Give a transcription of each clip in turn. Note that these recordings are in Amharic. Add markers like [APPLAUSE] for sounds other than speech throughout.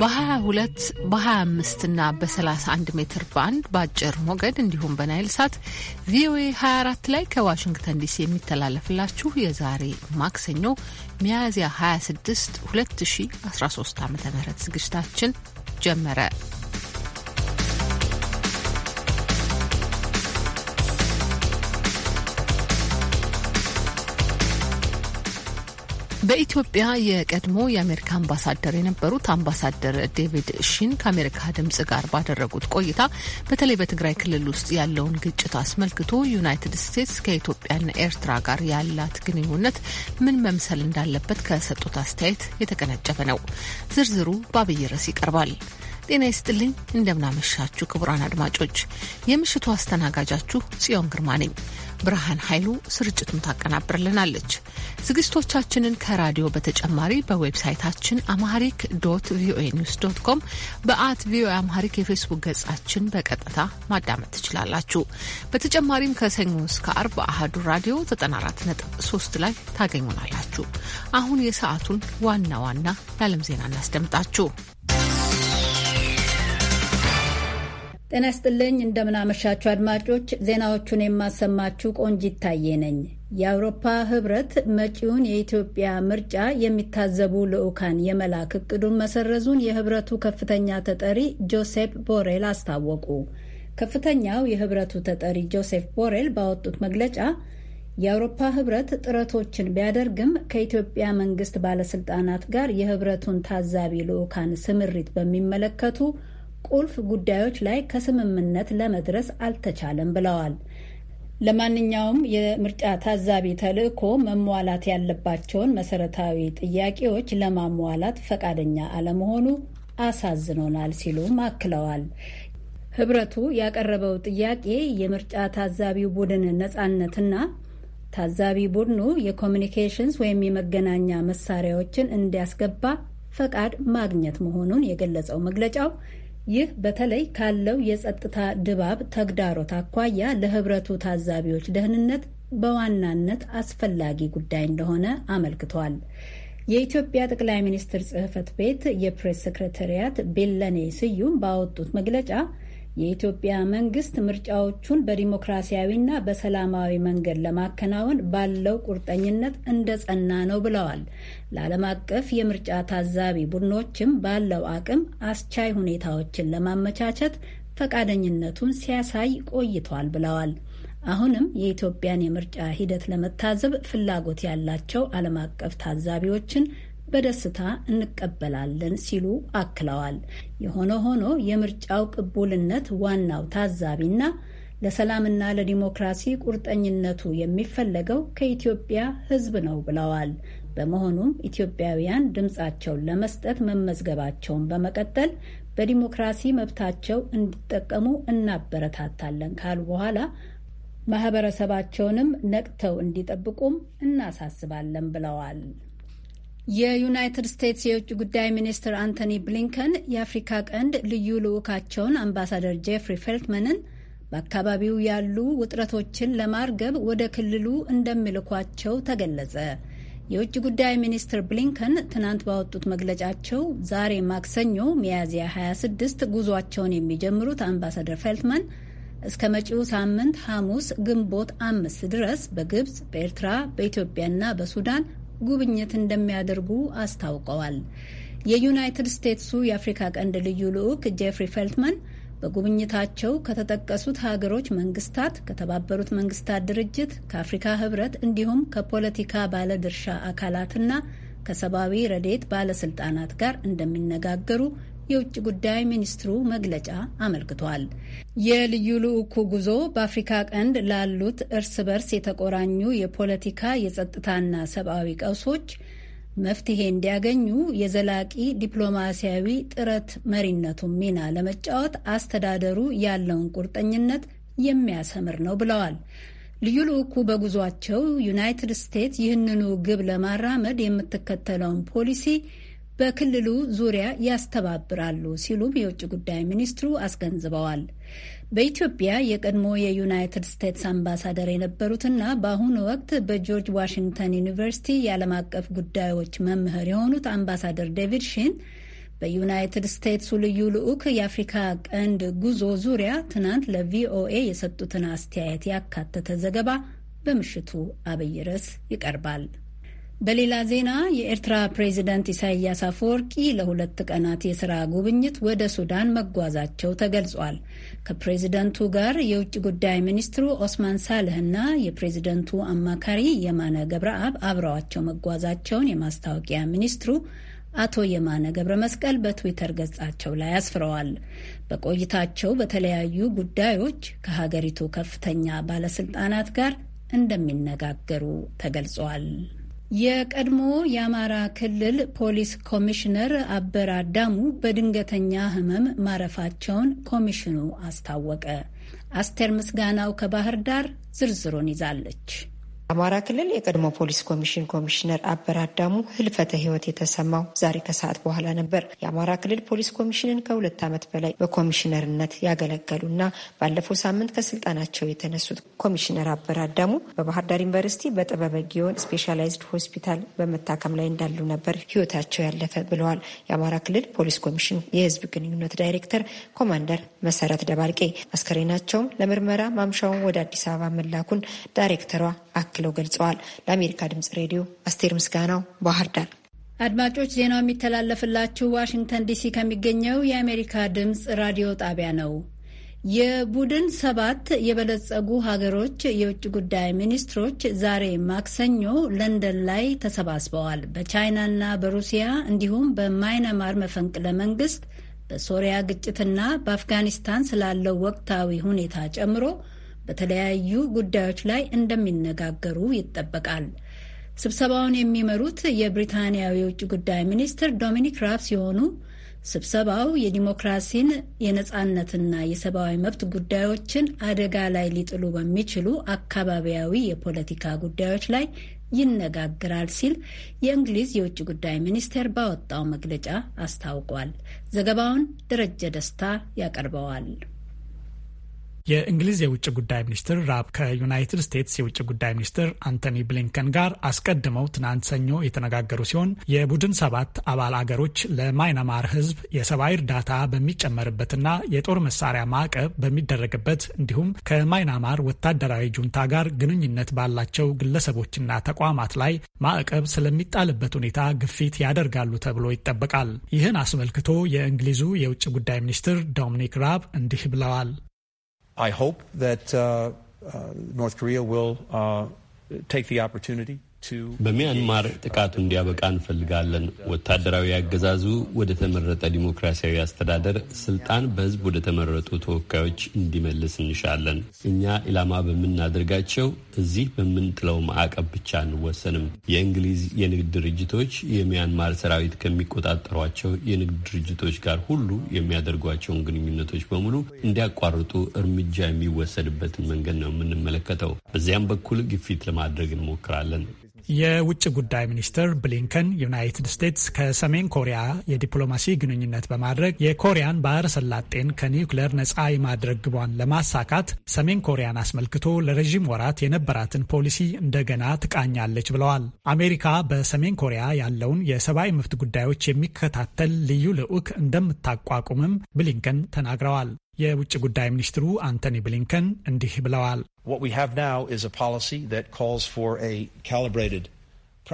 በ22 በ25 እና በ31 ሜትር ባንድ በአጭር ሞገድ እንዲሁም በናይል ሳት ቪኦኤ 24 ላይ ከዋሽንግተን ዲሲ የሚተላለፍላችሁ የዛሬ ማክሰኞ ሚያዝያ 26 2013 ዓ ም ዝግጅታችን ጀመረ። በኢትዮጵያ የቀድሞ የአሜሪካ አምባሳደር የነበሩት አምባሳደር ዴቪድ ሺን ከአሜሪካ ድምጽ ጋር ባደረጉት ቆይታ በተለይ በትግራይ ክልል ውስጥ ያለውን ግጭት አስመልክቶ ዩናይትድ ስቴትስ ከኢትዮጵያና ኤርትራ ጋር ያላት ግንኙነት ምን መምሰል እንዳለበት ከሰጡት አስተያየት የተቀነጨፈ ነው። ዝርዝሩ በአብይ ርዕስ ይቀርባል። ጤና ይስጥልኝ። እንደምናመሻችሁ ክቡራን አድማጮች፣ የምሽቱ አስተናጋጃችሁ ጽዮን ግርማ ነኝ። ብርሃን ኃይሉ ስርጭቱን ታቀናብርልናለች። ዝግጅቶቻችንን ከራዲዮ በተጨማሪ በዌብሳይታችን አማሪክ ዶት ቪኦኤ ኒውስ ዶት ኮም፣ በአት ቪኦኤ አማሪክ የፌስቡክ ገጻችን በቀጥታ ማዳመጥ ትችላላችሁ። በተጨማሪም ከሰኞ እስከ አርብ አህዱ ራዲዮ 94.3 ላይ ታገኙናላችሁ። አሁን የሰዓቱን ዋና ዋና የዓለም ዜና እናስደምጣችሁ። ጤና ይስጥልኝ እንደምናመሻችሁ አድማጮች። ዜናዎቹን የማሰማችሁ ቆንጅ ይታየ ነኝ። የአውሮፓ ህብረት መጪውን የኢትዮጵያ ምርጫ የሚታዘቡ ልዑካን የመላክ እቅዱን መሰረዙን የህብረቱ ከፍተኛ ተጠሪ ጆሴፕ ቦሬል አስታወቁ። ከፍተኛው የህብረቱ ተጠሪ ጆሴፍ ቦሬል ባወጡት መግለጫ የአውሮፓ ህብረት ጥረቶችን ቢያደርግም ከኢትዮጵያ መንግስት ባለስልጣናት ጋር የህብረቱን ታዛቢ ልዑካን ስምሪት በሚመለከቱ ቁልፍ ጉዳዮች ላይ ከስምምነት ለመድረስ አልተቻለም ብለዋል። ለማንኛውም የምርጫ ታዛቢ ተልዕኮ መሟላት ያለባቸውን መሰረታዊ ጥያቄዎች ለማሟላት ፈቃደኛ አለመሆኑ አሳዝኖናል ሲሉም አክለዋል። ህብረቱ ያቀረበው ጥያቄ የምርጫ ታዛቢ ቡድን ነጻነትና ታዛቢ ቡድኑ የኮሚኒኬሽንስ ወይም የመገናኛ መሳሪያዎችን እንዲያስገባ ፈቃድ ማግኘት መሆኑን የገለጸው መግለጫው ይህ በተለይ ካለው የጸጥታ ድባብ ተግዳሮት አኳያ ለህብረቱ ታዛቢዎች ደህንነት በዋናነት አስፈላጊ ጉዳይ እንደሆነ አመልክቷል። የኢትዮጵያ ጠቅላይ ሚኒስትር ጽህፈት ቤት የፕሬስ ሴክሬታሪያት ቤለኔ ስዩም ባወጡት መግለጫ የኢትዮጵያ መንግስት ምርጫዎቹን በዲሞክራሲያዊና በሰላማዊ መንገድ ለማከናወን ባለው ቁርጠኝነት እንደጸና ነው ብለዋል። ለዓለም አቀፍ የምርጫ ታዛቢ ቡድኖችም ባለው አቅም አስቻይ ሁኔታዎችን ለማመቻቸት ፈቃደኝነቱን ሲያሳይ ቆይቷል ብለዋል። አሁንም የኢትዮጵያን የምርጫ ሂደት ለመታዘብ ፍላጎት ያላቸው ዓለም አቀፍ ታዛቢዎችን በደስታ እንቀበላለን ሲሉ አክለዋል። የሆነ ሆኖ የምርጫው ቅቡልነት ዋናው ታዛቢና ለሰላምና ለዲሞክራሲ ቁርጠኝነቱ የሚፈለገው ከኢትዮጵያ ሕዝብ ነው ብለዋል። በመሆኑም ኢትዮጵያውያን ድምፃቸውን ለመስጠት መመዝገባቸውን በመቀጠል በዲሞክራሲ መብታቸው እንዲጠቀሙ እናበረታታለን ካሉ በኋላ ማህበረሰባቸውንም ነቅተው እንዲጠብቁም እናሳስባለን ብለዋል። የዩናይትድ ስቴትስ የውጭ ጉዳይ ሚኒስትር አንቶኒ ብሊንከን የአፍሪካ ቀንድ ልዩ ልዑካቸውን አምባሳደር ጄፍሪ ፌልትመንን በአካባቢው ያሉ ውጥረቶችን ለማርገብ ወደ ክልሉ እንደሚልኳቸው ተገለጸ። የውጭ ጉዳይ ሚኒስትር ብሊንከን ትናንት ባወጡት መግለጫቸው ዛሬ ማክሰኞ ሚያዝያ 26 ጉዟቸውን የሚጀምሩት አምባሳደር ፌልትመን እስከ መጪው ሳምንት ሐሙስ ግንቦት አምስት ድረስ በግብፅ፣ በኤርትራ፣ በኢትዮጵያና በሱዳን ጉብኝት እንደሚያደርጉ አስታውቀዋል። የዩናይትድ ስቴትሱ የአፍሪካ ቀንድ ልዩ ልዑክ ጄፍሪ ፌልትመን በጉብኝታቸው ከተጠቀሱት ሀገሮች መንግስታት፣ ከተባበሩት መንግስታት ድርጅት፣ ከአፍሪካ ህብረት እንዲሁም ከፖለቲካ ባለድርሻ አካላትና ከሰብአዊ ረዴት ባለስልጣናት ጋር እንደሚነጋገሩ የውጭ ጉዳይ ሚኒስትሩ መግለጫ አመልክቷል። የልዩ ልዑኩ ጉዞ በአፍሪካ ቀንድ ላሉት እርስ በርስ የተቆራኙ የፖለቲካ የጸጥታና ሰብአዊ ቀውሶች መፍትሄ እንዲያገኙ የዘላቂ ዲፕሎማሲያዊ ጥረት መሪነቱን ሚና ለመጫወት አስተዳደሩ ያለውን ቁርጠኝነት የሚያሰምር ነው ብለዋል። ልዩ ልዑኩ በጉዟቸው ዩናይትድ ስቴትስ ይህንኑ ግብ ለማራመድ የምትከተለውን ፖሊሲ በክልሉ ዙሪያ ያስተባብራሉ ሲሉም የውጭ ጉዳይ ሚኒስትሩ አስገንዝበዋል። በኢትዮጵያ የቀድሞ የዩናይትድ ስቴትስ አምባሳደር የነበሩትና በአሁኑ ወቅት በጆርጅ ዋሽንግተን ዩኒቨርሲቲ የዓለም አቀፍ ጉዳዮች መምህር የሆኑት አምባሳደር ዴቪድ ሺን በዩናይትድ ስቴትሱ ልዩ ልዑክ የአፍሪካ ቀንድ ጉዞ ዙሪያ ትናንት ለቪኦኤ የሰጡትን አስተያየት ያካተተ ዘገባ በምሽቱ አብይ ርዕስ ይቀርባል። በሌላ ዜና የኤርትራ ፕሬዚደንት ኢሳያስ አፈወርቂ ለሁለት ቀናት የስራ ጉብኝት ወደ ሱዳን መጓዛቸው ተገልጿል። ከፕሬዚደንቱ ጋር የውጭ ጉዳይ ሚኒስትሩ ኦስማን ሳልህ እና የፕሬዚደንቱ አማካሪ የማነ ገብረአብ አብረዋቸው መጓዛቸውን የማስታወቂያ ሚኒስትሩ አቶ የማነ ገብረ መስቀል በትዊተር ገጻቸው ላይ አስፍረዋል። በቆይታቸው በተለያዩ ጉዳዮች ከሀገሪቱ ከፍተኛ ባለስልጣናት ጋር እንደሚነጋገሩ ተገልጿል። የቀድሞ የአማራ ክልል ፖሊስ ኮሚሽነር አበራ አዳሙ በድንገተኛ ሕመም ማረፋቸውን ኮሚሽኑ አስታወቀ። አስቴር ምስጋናው ከባህር ዳር ዝርዝሩን ይዛለች። አማራ ክልል የቀድሞ ፖሊስ ኮሚሽን ኮሚሽነር አበር አዳሙ ህልፈተ ህይወት የተሰማው ዛሬ ከሰዓት በኋላ ነበር። የአማራ ክልል ፖሊስ ኮሚሽንን ከሁለት ዓመት በላይ በኮሚሽነርነት ያገለገሉና ባለፈው ሳምንት ከስልጣናቸው የተነሱት ኮሚሽነር አበር አዳሙ በባህር ዳር ዩኒቨርሲቲ በጥበበ ጊዮን ስፔሻላይዝድ ሆስፒታል በመታከም ላይ እንዳሉ ነበር ህይወታቸው ያለፈ ብለዋል። የአማራ ክልል ፖሊስ ኮሚሽን የህዝብ ግንኙነት ዳይሬክተር ኮማንደር መሰረት ደባልቄ አስከሬናቸውም ለምርመራ ማምሻውን ወደ አዲስ አበባ መላኩን ዳይሬክተሯ አክለው ገልጸዋል። ለአሜሪካ ድምጽ ሬዲዮ አስቴር ምስጋናው ባህር ዳር። አድማጮች ዜናው የሚተላለፍላችሁ ዋሽንግተን ዲሲ ከሚገኘው የአሜሪካ ድምፅ ራዲዮ ጣቢያ ነው። የቡድን ሰባት የበለጸጉ ሀገሮች የውጭ ጉዳይ ሚኒስትሮች ዛሬ ማክሰኞ ለንደን ላይ ተሰባስበዋል። በቻይናና በሩሲያ እንዲሁም በማይነማር መፈንቅለ መንግስት፣ በሶሪያ ግጭትና በአፍጋኒስታን ስላለው ወቅታዊ ሁኔታ ጨምሮ በተለያዩ ጉዳዮች ላይ እንደሚነጋገሩ ይጠበቃል። ስብሰባውን የሚመሩት የብሪታንያው የውጭ ጉዳይ ሚኒስትር ዶሚኒክ ራብ ሲሆኑ ስብሰባው የዲሞክራሲን የነጻነትና የሰብአዊ መብት ጉዳዮችን አደጋ ላይ ሊጥሉ በሚችሉ አካባቢያዊ የፖለቲካ ጉዳዮች ላይ ይነጋግራል ሲል የእንግሊዝ የውጭ ጉዳይ ሚኒስቴር ባወጣው መግለጫ አስታውቋል። ዘገባውን ደረጀ ደስታ ያቀርበዋል። የእንግሊዝ የውጭ ጉዳይ ሚኒስትር ራብ ከዩናይትድ ስቴትስ የውጭ ጉዳይ ሚኒስትር አንቶኒ ብሊንከን ጋር አስቀድመው ትናንት ሰኞ የተነጋገሩ ሲሆን የቡድን ሰባት አባል አገሮች ለማይናማር ሕዝብ የሰብአዊ እርዳታ በሚጨመርበትና የጦር መሳሪያ ማዕቀብ በሚደረግበት እንዲሁም ከማይናማር ወታደራዊ ጁንታ ጋር ግንኙነት ባላቸው ግለሰቦችና ተቋማት ላይ ማዕቀብ ስለሚጣልበት ሁኔታ ግፊት ያደርጋሉ ተብሎ ይጠበቃል። ይህን አስመልክቶ የእንግሊዙ የውጭ ጉዳይ ሚኒስትር ዶሚኒክ ራብ እንዲህ ብለዋል። I hope that uh, uh, North Korea will uh, take the opportunity በሚያንማር ጥቃቱ እንዲያበቃ እንፈልጋለን። ወታደራዊ አገዛዙ ወደ ተመረጠ ዲሞክራሲያዊ አስተዳደር ስልጣን በህዝብ ወደ ተመረጡ ተወካዮች እንዲመልስ እንሻለን። እኛ ኢላማ በምናደርጋቸው እዚህ በምንጥለው ማዕቀብ ብቻ አንወሰንም። የእንግሊዝ የንግድ ድርጅቶች የሚያንማር ሰራዊት ከሚቆጣጠሯቸው የንግድ ድርጅቶች ጋር ሁሉ የሚያደርጓቸውን ግንኙነቶች በሙሉ እንዲያቋርጡ እርምጃ የሚወሰድበትን መንገድ ነው የምንመለከተው። በዚያም በኩል ግፊት ለማድረግ እንሞክራለን። የውጭ ጉዳይ ሚኒስትር ብሊንከን ዩናይትድ ስቴትስ ከሰሜን ኮሪያ የዲፕሎማሲ ግንኙነት በማድረግ የኮሪያን ባህረ ሰላጤን ከኒውክሌር ነጻ የማድረግ ግቧን ለማሳካት ሰሜን ኮሪያን አስመልክቶ ለረዥም ወራት የነበራትን ፖሊሲ እንደገና ትቃኛለች ብለዋል። አሜሪካ በሰሜን ኮሪያ ያለውን የሰብአዊ መብት ጉዳዮች የሚከታተል ልዩ ልዑክ እንደምታቋቁምም ብሊንከን ተናግረዋል። የውጭ ጉዳይ ሚኒስትሩ አንቶኒ ብሊንከን እንዲህ ብለዋል። What we have now is a policy that calls for a calibrated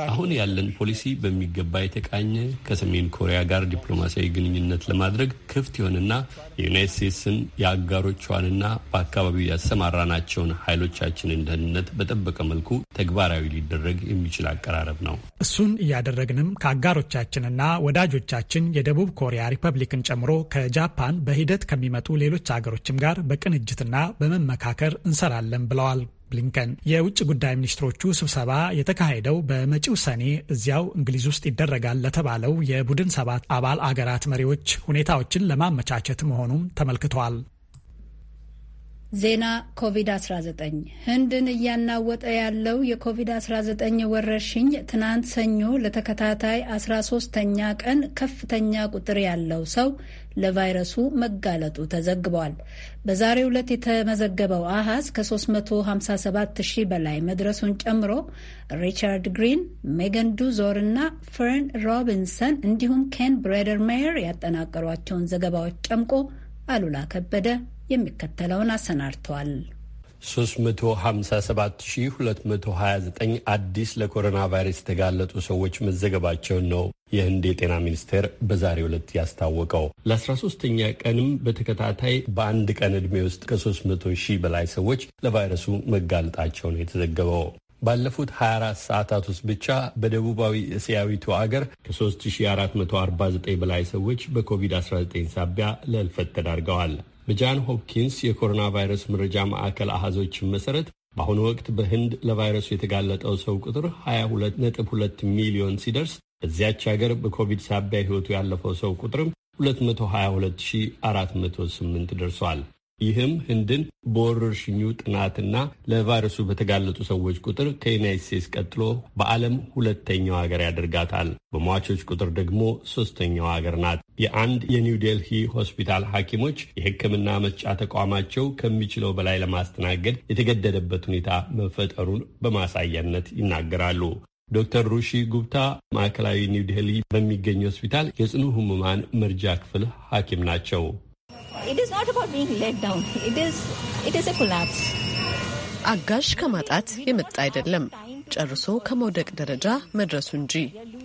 አሁን ያለን ፖሊሲ በሚገባ የተቃኘ ከሰሜን ኮሪያ ጋር ዲፕሎማሲያዊ ግንኙነት ለማድረግ ክፍት የሆነና የዩናይት ስቴትስን የአጋሮቿንና በአካባቢው ያሰማራናቸውን ኃይሎቻችንን ደህንነት በጠበቀ መልኩ ተግባራዊ ሊደረግ የሚችል አቀራረብ ነው። እሱን እያደረግንም ከአጋሮቻችንና ወዳጆቻችን የደቡብ ኮሪያ ሪፐብሊክን ጨምሮ ከጃፓን በሂደት ከሚመጡ ሌሎች ሀገሮችም ጋር በቅንጅትና በመመካከር እንሰራለን ብለዋል። ብሊንከን። የውጭ ጉዳይ ሚኒስትሮቹ ስብሰባ የተካሄደው በመጪው ሰኔ እዚያው እንግሊዝ ውስጥ ይደረጋል ለተባለው የቡድን ሰባት አባል አገራት መሪዎች ሁኔታዎችን ለማመቻቸት መሆኑም ተመልክተዋል። ዜና ኮቪድ-19 ህንድን እያናወጠ ያለው የኮቪድ-19 ወረርሽኝ ትናንት ሰኞ ለተከታታይ 13ተኛ ቀን ከፍተኛ ቁጥር ያለው ሰው ለቫይረሱ መጋለጡ ተዘግቧል። በዛሬው ዕለት የተመዘገበው አሃዝ ከ357 ሺህ በላይ መድረሱን ጨምሮ ሪቻርድ ግሪን፣ ሜገን ዱዞር እና ፈርን ሮቢንሰን እንዲሁም ኬን ብሬደር ሜየር ያጠናቀሯቸውን ዘገባዎች ጨምቆ አሉላ ከበደ የሚከተለውን አሰናድተዋል። 357229 አዲስ ለኮሮና ቫይረስ የተጋለጡ ሰዎች መዘገባቸውን ነው የህንድ የጤና ሚኒስቴር በዛሬው ዕለት ያስታወቀው። ለ13ተኛ ቀንም በተከታታይ በአንድ ቀን ዕድሜ ውስጥ ከ300 ሺህ በላይ ሰዎች ለቫይረሱ መጋለጣቸው ነው የተዘገበው። ባለፉት 24 ሰዓታት ውስጥ ብቻ በደቡባዊ እስያዊቱ አገር ከ3449 በላይ ሰዎች በኮቪድ-19 ሳቢያ ለህልፈት ተዳርገዋል። በጃን ሆፕኪንስ የኮሮና ቫይረስ መረጃ ማዕከል አሃዞችን መሰረት በአሁኑ ወቅት በህንድ ለቫይረሱ የተጋለጠው ሰው ቁጥር 22.2 ሚሊዮን ሲደርስ በዚያች ሀገር በኮቪድ ሳቢያ ህይወቱ ያለፈው ሰው ቁጥርም 222408 ደርሷል። ይህም ህንድን በወረርሽኙ ጥናትና ለቫይረሱ በተጋለጡ ሰዎች ቁጥር ከዩናይት ስቴትስ ቀጥሎ በዓለም ሁለተኛው ሀገር ያደርጋታል። በሟቾች ቁጥር ደግሞ ሶስተኛው ሀገር ናት። የአንድ የኒው ዴልሂ ሆስፒታል ሐኪሞች የሕክምና መስጫ ተቋማቸው ከሚችለው በላይ ለማስተናገድ የተገደደበት ሁኔታ መፈጠሩን በማሳያነት ይናገራሉ። ዶክተር ሩሺ ጉብታ ማዕከላዊ ኒው ዴልሂ በሚገኝ ሆስፒታል የጽኑ ህሙማን መርጃ ክፍል ሐኪም ናቸው። አጋዥ ከማጣት የመጣ አይደለም ጨርሶ ከመውደቅ ደረጃ መድረሱ እንጂ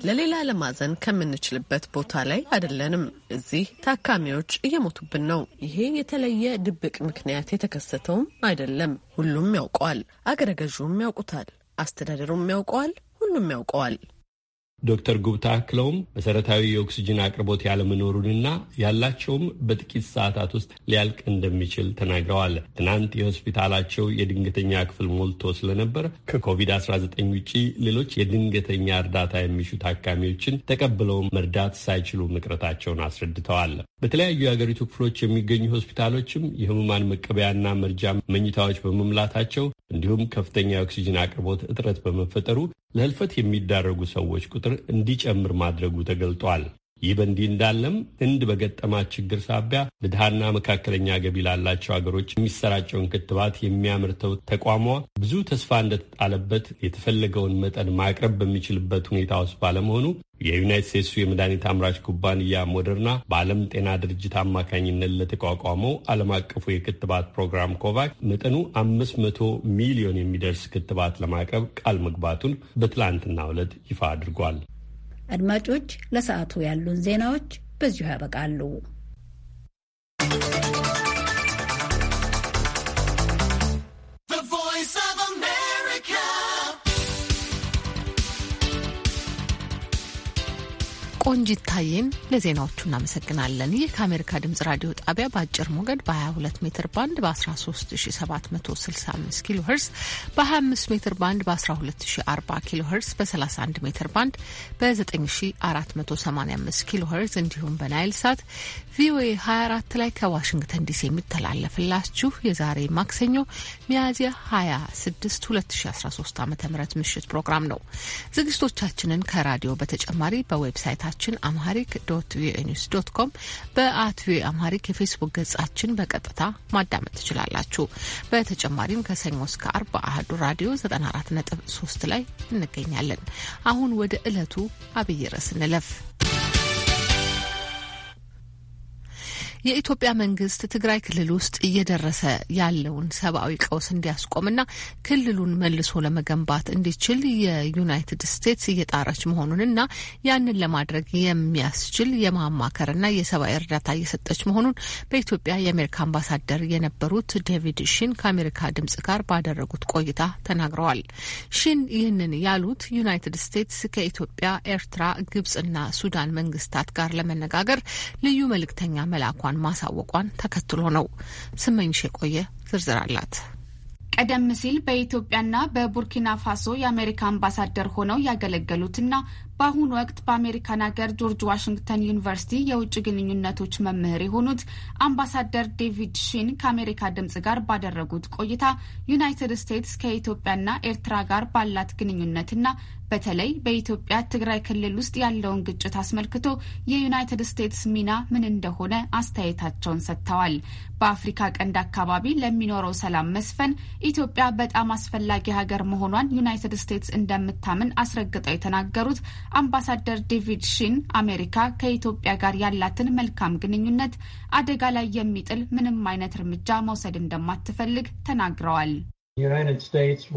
ለሌላ ለማዘን ከምንችልበት ቦታ ላይ አይደለንም። እዚህ ታካሚዎች እየሞቱብን ነው። ይሄ የተለየ ድብቅ ምክንያት የተከሰተውም አይደለም። ሁሉም ያውቀዋል። አገረ ገዥውም ያውቁታል። አስተዳደሩም ያውቀዋል። ሁሉም ያውቀዋል። ዶክተር ጉብታ አክለውም መሰረታዊ የኦክስጅን አቅርቦት ያለመኖሩንና ያላቸውም በጥቂት ሰዓታት ውስጥ ሊያልቅ እንደሚችል ተናግረዋል። ትናንት የሆስፒታላቸው የድንገተኛ ክፍል ሞልቶ ስለነበር ከኮቪድ-19 ውጪ ሌሎች የድንገተኛ እርዳታ የሚሹ ታካሚዎችን ተቀብለው መርዳት ሳይችሉ መቅረታቸውን አስረድተዋል። በተለያዩ የአገሪቱ ክፍሎች የሚገኙ ሆስፒታሎችም የህሙማን መቀበያና መርጃ መኝታዎች በመምላታቸው እንዲሁም ከፍተኛ የኦክስጅን አቅርቦት እጥረት በመፈጠሩ ለህልፈት የሚዳረጉ ሰዎች ቁጥር ቁጥር እንዲጨምር ማድረጉ ተገልጧል። ይህ በእንዲህ እንዳለም ህንድ በገጠማት ችግር ሳቢያ ለድሃና መካከለኛ ገቢ ላላቸው ሀገሮች የሚሰራጨውን ክትባት የሚያመርተው ተቋሟ ብዙ ተስፋ እንደተጣለበት የተፈለገውን መጠን ማቅረብ በሚችልበት ሁኔታ ውስጥ ባለመሆኑ የዩናይት ስቴትሱ የመድኃኒት አምራች ኩባንያ ሞደርና በዓለም ጤና ድርጅት አማካኝነት ለተቋቋመው ዓለም አቀፉ የክትባት ፕሮግራም ኮቫክ መጠኑ አምስት መቶ ሚሊዮን የሚደርስ ክትባት ለማቅረብ ቃል መግባቱን በትላንትና ዕለት ይፋ አድርጓል። አድማጮች፣ ለሰዓቱ ያሉን ዜናዎች በዚሁ ያበቃሉ። ቆንጂት ታዬን ለዜናዎቹ እናመሰግናለን። ይህ ከአሜሪካ ድምጽ ራዲዮ ጣቢያ በአጭር ሞገድ በ22 ሜትር ባንድ በ13765 ኪሎ ሄርዝ በ25 ሜትር ባንድ በ1240 ኪሎ ሄርዝ በ31 ሜትር ባንድ በ9485 ኪሎ ሄርዝ እንዲሁም በናይል ሳት ቪኦኤ 24 ላይ ከዋሽንግተን ዲሲ የሚተላለፍላችሁ የዛሬ ማክሰኞ ሚያዝያ 26 2013 ዓ ም ምሽት ፕሮግራም ነው። ዝግጅቶቻችንን ከራዲዮ በተጨማሪ በዌብሳይታችን አምሃሪክ ዶት ቪኦኤ ኒውስ ዶት ኮም በአት ቪኦኤ አምሃሪክ የፌስቡክ ገጻችን በቀጥታ ማዳመጥ ትችላላችሁ። በተጨማሪም ከሰኞ እስከ አርብ አህዱ ራዲዮ 94.3 ላይ እንገኛለን። አሁን ወደ ዕለቱ አብይ ርዕስ እንለፍ። የኢትዮጵያ መንግስት ትግራይ ክልል ውስጥ እየደረሰ ያለውን ሰብአዊ ቀውስ እንዲያስቆምና ክልሉን መልሶ ለመገንባት እንዲችል የዩናይትድ ስቴትስ እየጣረች መሆኑንና ያንን ለማድረግ የሚያስችል የማማከርና የሰብአዊ እርዳታ እየሰጠች መሆኑን በኢትዮጵያ የአሜሪካ አምባሳደር የነበሩት ዴቪድ ሺን ከአሜሪካ ድምጽ ጋር ባደረጉት ቆይታ ተናግረዋል። ሺን ይህንን ያሉት ዩናይትድ ስቴትስ ከኢትዮጵያ፣ ኤርትራ፣ ግብጽና ሱዳን መንግስታት ጋር ለመነጋገር ልዩ መልእክተኛ መላኳ መውደቋን ማሳወቋን ተከትሎ ነው። ስመኝሽ የቆየ ዝርዝር አላት። ቀደም ሲል በኢትዮጵያና በቡርኪና ፋሶ የአሜሪካ አምባሳደር ሆነው ያገለገሉትና በአሁኑ ወቅት በአሜሪካን ሀገር ጆርጅ ዋሽንግተን ዩኒቨርሲቲ የውጭ ግንኙነቶች መምህር የሆኑት አምባሳደር ዴቪድ ሺን ከአሜሪካ ድምጽ ጋር ባደረጉት ቆይታ ዩናይትድ ስቴትስ ከኢትዮጵያና ኤርትራ ጋር ባላት ግንኙነትና በተለይ በኢትዮጵያ ትግራይ ክልል ውስጥ ያለውን ግጭት አስመልክቶ የዩናይትድ ስቴትስ ሚና ምን እንደሆነ አስተያየታቸውን ሰጥተዋል። በአፍሪካ ቀንድ አካባቢ ለሚኖረው ሰላም መስፈን ኢትዮጵያ በጣም አስፈላጊ ሀገር መሆኗን ዩናይትድ ስቴትስ እንደምታምን አስረግጠው የተናገሩት አምባሳደር ዴቪድ ሺን አሜሪካ ከኢትዮጵያ ጋር ያላትን መልካም ግንኙነት አደጋ ላይ የሚጥል ምንም አይነት እርምጃ መውሰድ እንደማትፈልግ ተናግረዋል። ዩናይትድ ስቴትስ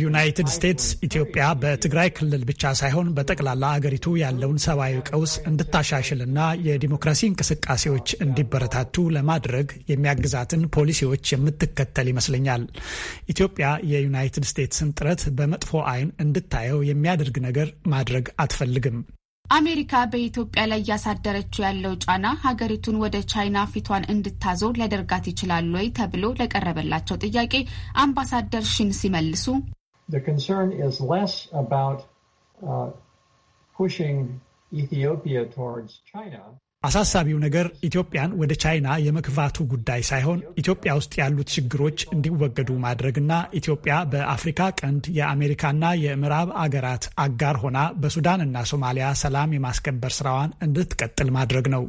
ዩናይትድ ስቴትስ ኢትዮጵያ በትግራይ ክልል ብቻ ሳይሆን በጠቅላላ አገሪቱ ያለውን ሰብአዊ ቀውስ እንድታሻሽልና የዲሞክራሲ እንቅስቃሴዎች እንዲበረታቱ ለማድረግ የሚያግዛትን ፖሊሲዎች የምትከተል ይመስለኛል። ኢትዮጵያ የዩናይትድ ስቴትስን ጥረት በመጥፎ ዓይን እንድታየው የሚያደርግ ነገር ማድረግ አትፈልግም። አሜሪካ በኢትዮጵያ ላይ እያሳደረችው ያለው ጫና ሀገሪቱን ወደ ቻይና ፊቷን እንድታዞር ሊያደርጋት ይችላል ወይ ተብሎ ለቀረበላቸው ጥያቄ አምባሳደር ሺን ሲመልሱ አሳሳቢው ነገር ኢትዮጵያን ወደ ቻይና የመግፋቱ ጉዳይ ሳይሆን ኢትዮጵያ ውስጥ ያሉት ችግሮች እንዲወገዱ ማድረግና ኢትዮጵያ በአፍሪካ ቀንድ የአሜሪካና የምዕራብ አገራት አጋር ሆና በሱዳንና ሶማሊያ ሰላም የማስከበር ስራዋን እንድትቀጥል ማድረግ ነው።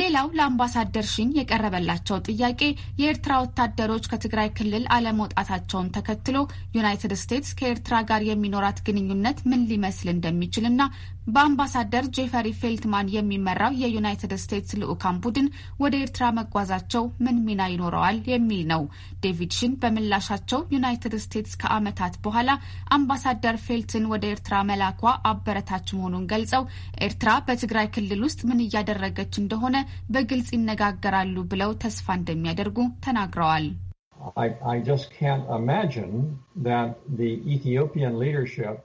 ሌላው ለአምባሳደር ሺን የቀረበላቸው ጥያቄ የኤርትራ ወታደሮች ከትግራይ ክልል አለመውጣታቸውን ተከትሎ ዩናይትድ ስቴትስ ከኤርትራ ጋር የሚኖራት ግንኙነት ምን ሊመስል እንደሚችልና በአምባሳደር ጄፈሪ ፌልትማን የሚመራው የዩናይትድ ስቴትስ ልዑካን ቡድን ወደ ኤርትራ መጓዛቸው ምን ሚና ይኖረዋል የሚል ነው። ዴቪድ ሽን በምላሻቸው ዩናይትድ ስቴትስ ከዓመታት በኋላ አምባሳደር ፌልትን ወደ ኤርትራ መላኳ አበረታች መሆኑን ገልጸው ኤርትራ በትግራይ ክልል ውስጥ ምን እያደረገች እንደሆነ በግልጽ ይነጋገራሉ ብለው ተስፋ እንደሚያደርጉ ተናግረዋል። I, I just can't imagine that the Ethiopian leadership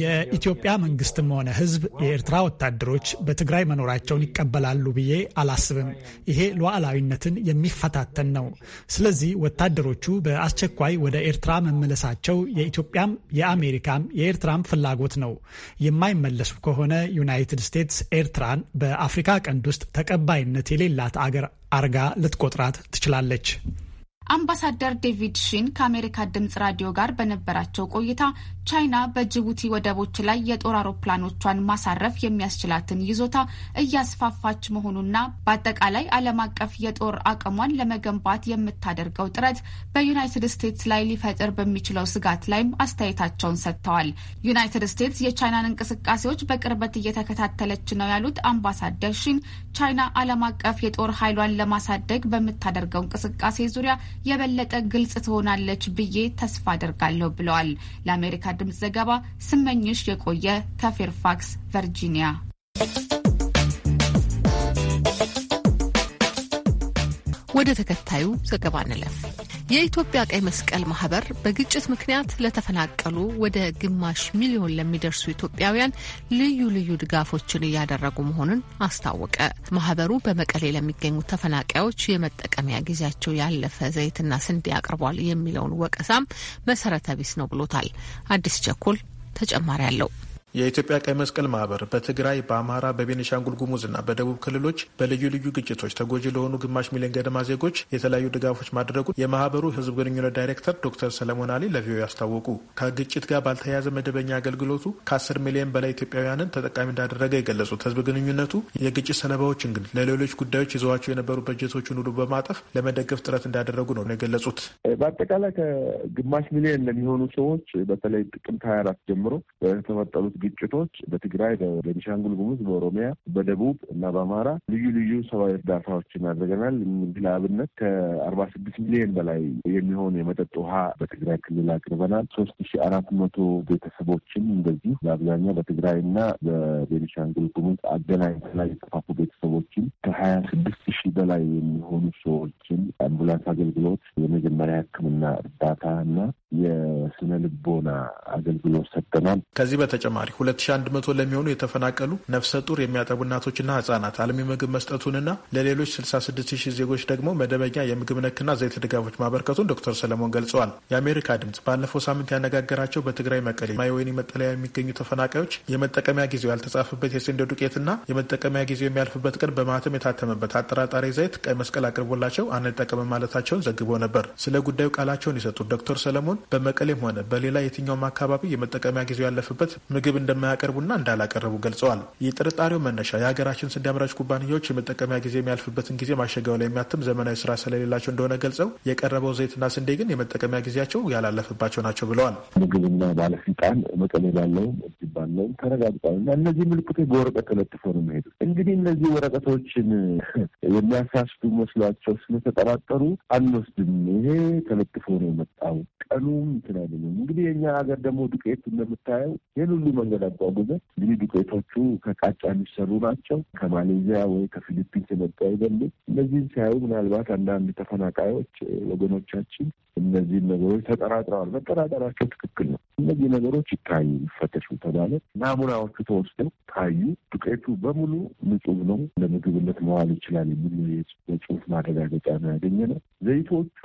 የኢትዮጵያ መንግስትም ሆነ ህዝብ የኤርትራ ወታደሮች በትግራይ መኖራቸውን ይቀበላሉ ብዬ አላስብም። ይሄ ሉዓላዊነትን የሚፈታተን ነው። ስለዚህ ወታደሮቹ በአስቸኳይ ወደ ኤርትራ መመለሳቸው የኢትዮጵያም የአሜሪካም የኤርትራም ፍላጎት ነው። የማይመለሱ ከሆነ ዩናይትድ ስቴትስ ኤርትራን በአፍሪካ ቀንድ ውስጥ ተቀባይነት የሌላት አገር አርጋ ልትቆጥራት ትችላለች። አምባሳደር ዴቪድ ሺን ከአሜሪካ ድምጽ ራዲዮ ጋር በነበራቸው ቆይታ ቻይና በጅቡቲ ወደቦች ላይ የጦር አውሮፕላኖቿን ማሳረፍ የሚያስችላትን ይዞታ እያስፋፋች መሆኑና በአጠቃላይ ዓለም አቀፍ የጦር አቅሟን ለመገንባት የምታደርገው ጥረት በዩናይትድ ስቴትስ ላይ ሊፈጥር በሚችለው ስጋት ላይም አስተያየታቸውን ሰጥተዋል። ዩናይትድ ስቴትስ የቻይናን እንቅስቃሴዎች በቅርበት እየተከታተለች ነው ያሉት አምባሳደር ሺን ቻይና ዓለም አቀፍ የጦር ኃይሏን ለማሳደግ በምታደርገው እንቅስቃሴ ዙሪያ የበለጠ ግልጽ ትሆናለች ብዬ ተስፋ አደርጋለሁ ብለዋል። ለአሜሪካ ድምፅ ዘገባ ስመኝሽ የቆየ ከፌርፋክስ ቨርጂኒያ። ወደ ተከታዩ ዘገባ እንለፍ። የኢትዮጵያ ቀይ መስቀል ማህበር በግጭት ምክንያት ለተፈናቀሉ ወደ ግማሽ ሚሊዮን ለሚደርሱ ኢትዮጵያውያን ልዩ ልዩ ድጋፎችን እያደረጉ መሆኑን አስታወቀ። ማህበሩ በመቀሌ ለሚገኙ ተፈናቃዮች የመጠቀሚያ ጊዜያቸው ያለፈ ዘይትና ስንዴ አቅርቧል የሚለውን ወቀሳም መሰረተ ቢስ ነው ብሎታል። አዲስ ቸኮል ተጨማሪ አለው። የኢትዮጵያ ቀይ መስቀል ማህበር በትግራይ፣ በአማራ፣ በቤኒሻንጉል ጉሙዝና በደቡብ ክልሎች በልዩ ልዩ ግጭቶች ተጎጂ ለሆኑ ግማሽ ሚሊዮን ገደማ ዜጎች የተለያዩ ድጋፎች ማድረጉ የማህበሩ ህዝብ ግንኙነት ዳይሬክተር ዶክተር ሰለሞን አሊ ለቪዮ ያስታወቁ። ከግጭት ጋር ባልተያያዘ መደበኛ አገልግሎቱ ከ10 ሚሊዮን በላይ ኢትዮጵያውያንን ተጠቃሚ እንዳደረገ የገለጹት ህዝብ ግንኙነቱ የግጭት ሰለባዎችን ግን ለሌሎች ጉዳዮች ይዘዋቸው የነበሩ በጀቶችን ሁሉ በማጠፍ ለመደገፍ ጥረት እንዳደረጉ ነው የገለጹት። በአጠቃላይ ከግማሽ ሚሊዮን ለሚሆኑ ሰዎች በተለይ ጥቅምት 24 ጀምሮ በተፈጠሩት ግጭቶች በትግራይ፣ በቤኒሻንጉል ጉሙዝ፣ በኦሮሚያ፣ በደቡብ እና በአማራ ልዩ ልዩ ሰብአዊ እርዳታዎችን አድርገናል። ለአብነት ከአርባ ስድስት ሚሊዮን በላይ የሚሆን የመጠጥ ውሃ በትግራይ ክልል አቅርበናል። ሶስት ሺ አራት መቶ ቤተሰቦችን እንደዚህ በአብዛኛው በትግራይ እና በቤኒሻንጉል ጉሙዝ አገናኝተን የተፋፉ ቤተሰቦችን ከሀያ ስድስት ሺህ በላይ የሚሆኑ ሰዎችን አምቡላንስ አገልግሎት የመጀመሪያ ሕክምና እርዳታ እና የስነ ልቦና አገልግሎት ሰጥተናል። ከዚህ በተጨማ በተጨማሪ 2100 ለሚሆኑ የተፈናቀሉ ነፍሰ ጡር የሚያጠቡ እናቶችና ህጻናት አልሚ ምግብ መስጠቱንና ለሌሎች 66000 ዜጎች ደግሞ መደበኛ የምግብ ነክና ዘይት ድጋፎች ማበርከቱን ዶክተር ሰለሞን ገልጸዋል። የአሜሪካ ድምጽ ባለፈው ሳምንት ያነጋገራቸው በትግራይ መቀሌ ማይ ወይኒ መጠለያ የሚገኙ ተፈናቃዮች የመጠቀሚያ ጊዜው ያልተጻፈበት የስንዴ ዱቄትና የመጠቀሚያ ጊዜው የሚያልፍበት ቀን በማህተም የታተመበት አጠራጣሪ ዘይት ቀይ መስቀል አቅርቦላቸው አንጠቀምም ማለታቸውን ዘግቦ ነበር። ስለ ጉዳዩ ቃላቸውን የሰጡት ዶክተር ሰለሞን በመቀሌም ሆነ በሌላ የትኛውም አካባቢ የመጠቀሚያ ጊዜው ያለፍበት ምግብ ምግብ እንደማያቀርቡና እንዳላቀረቡ ገልጸዋል። የጥርጣሬው መነሻ የሀገራችን ስንዴ አምራች ኩባንያዎች የመጠቀሚያ ጊዜ የሚያልፍበትን ጊዜ ማሸጊያው ላይ የሚያትም ዘመናዊ ስራ ስለሌላቸው እንደሆነ ገልጸው የቀረበው ዘይትና ስንዴ ግን የመጠቀሚያ ጊዜያቸው ያላለፈባቸው ናቸው ብለዋል። ምግብና ባለስልጣን መቀሌ ባለውም እጅ ባለውም ተረጋግጧል እና እነዚህ ምልክቶች በወረቀት ተለጥፎ ነው መሄዱ እንግዲህ እነዚህ ወረቀቶችን [LAUGHS] የሚያሳስዱ መስሏቸው ስለተጠራጠሩ አንወስድም፣ ይሄ ተለጥፎ ነው የመጣው ቀኑም ትናለ እንግዲህ የእኛ ሀገር ደግሞ ዱቄት እንደምታየው ይህን ሁሉ በነበሩ ጊዜ እንግዲህ ዱቄቶቹ ከቃጫ የሚሰሩ ናቸው። ከማሌዚያ ወይ ከፊሊፒንስ የመጡ አይደሉ። እነዚህን ሲያዩ ምናልባት አንዳንድ ተፈናቃዮች ወገኖቻችን እነዚህን ነገሮች ተጠራጥረዋል። መጠራጠራቸው ትክክል ነው። እነዚህ ነገሮች ይታዩ፣ ይፈተሹ ተባለ። ናሙናዎቹ ተወስደው ታዩ። ዱቄቱ በሙሉ ንጹህ ነው፣ ለምግብነት መዋል ይችላል የሚል የጽሁፍ ማረጋገጫ ነው ያገኘ ነው። ዘይቶቹ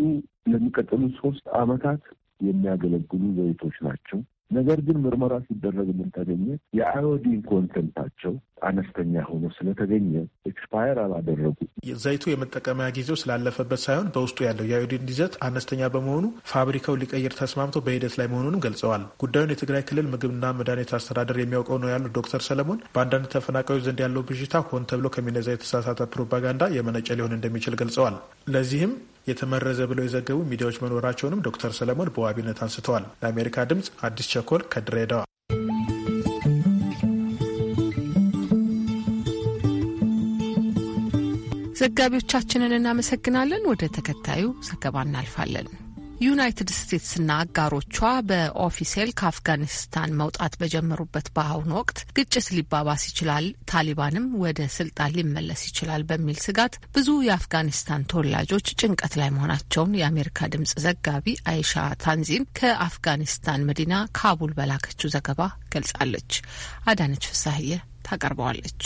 ለሚቀጥሉት ሶስት አመታት የሚያገለግሉ ዘይቶች ናቸው። ነገር ግን ምርመራ ሲደረግ ምን ተገኘ? የአዮዲን ኮንተንታቸው አነስተኛ ሆኖ ስለተገኘ ኤክስፓየር አላደረጉ። ዘይቱ የመጠቀሚያ ጊዜው ስላለፈበት ሳይሆን በውስጡ ያለው የአዮዲን ይዘት አነስተኛ በመሆኑ ፋብሪካው ሊቀይር ተስማምቶ በሂደት ላይ መሆኑንም ገልጸዋል። ጉዳዩን የትግራይ ክልል ምግብና መድኃኒት አስተዳደር የሚያውቀው ነው ያሉት ዶክተር ሰለሞን በአንዳንድ ተፈናቃዮች ዘንድ ያለው ብዥታ ሆን ተብሎ ከሚነዛ የተሳሳተ ፕሮፓጋንዳ የመነጨ ሊሆን እንደሚችል ገልጸዋል። ለዚህም የተመረዘ ብለው የዘገቡ ሚዲያዎች መኖራቸውንም ዶክተር ሰለሞን በዋቢነት አንስተዋል። ለአሜሪካ ድምፅ አዲስ ቸኮል ከድሬዳዋ። ዘጋቢዎቻችንን እናመሰግናለን። ወደ ተከታዩ ዘገባ እናልፋለን። ዩናይትድ ስቴትስና አጋሮቿ በኦፊሴል ከአፍጋኒስታን መውጣት በጀመሩበት በአሁኑ ወቅት ግጭት ሊባባስ ይችላል፣ ታሊባንም ወደ ስልጣን ሊመለስ ይችላል በሚል ስጋት ብዙ የአፍጋኒስታን ተወላጆች ጭንቀት ላይ መሆናቸውን የአሜሪካ ድምጽ ዘጋቢ አይሻ ታንዚም ከአፍጋኒስታን መዲና ካቡል በላከችው ዘገባ ገልጻለች። አዳነች ፍሳህየ ታቀርበዋለች።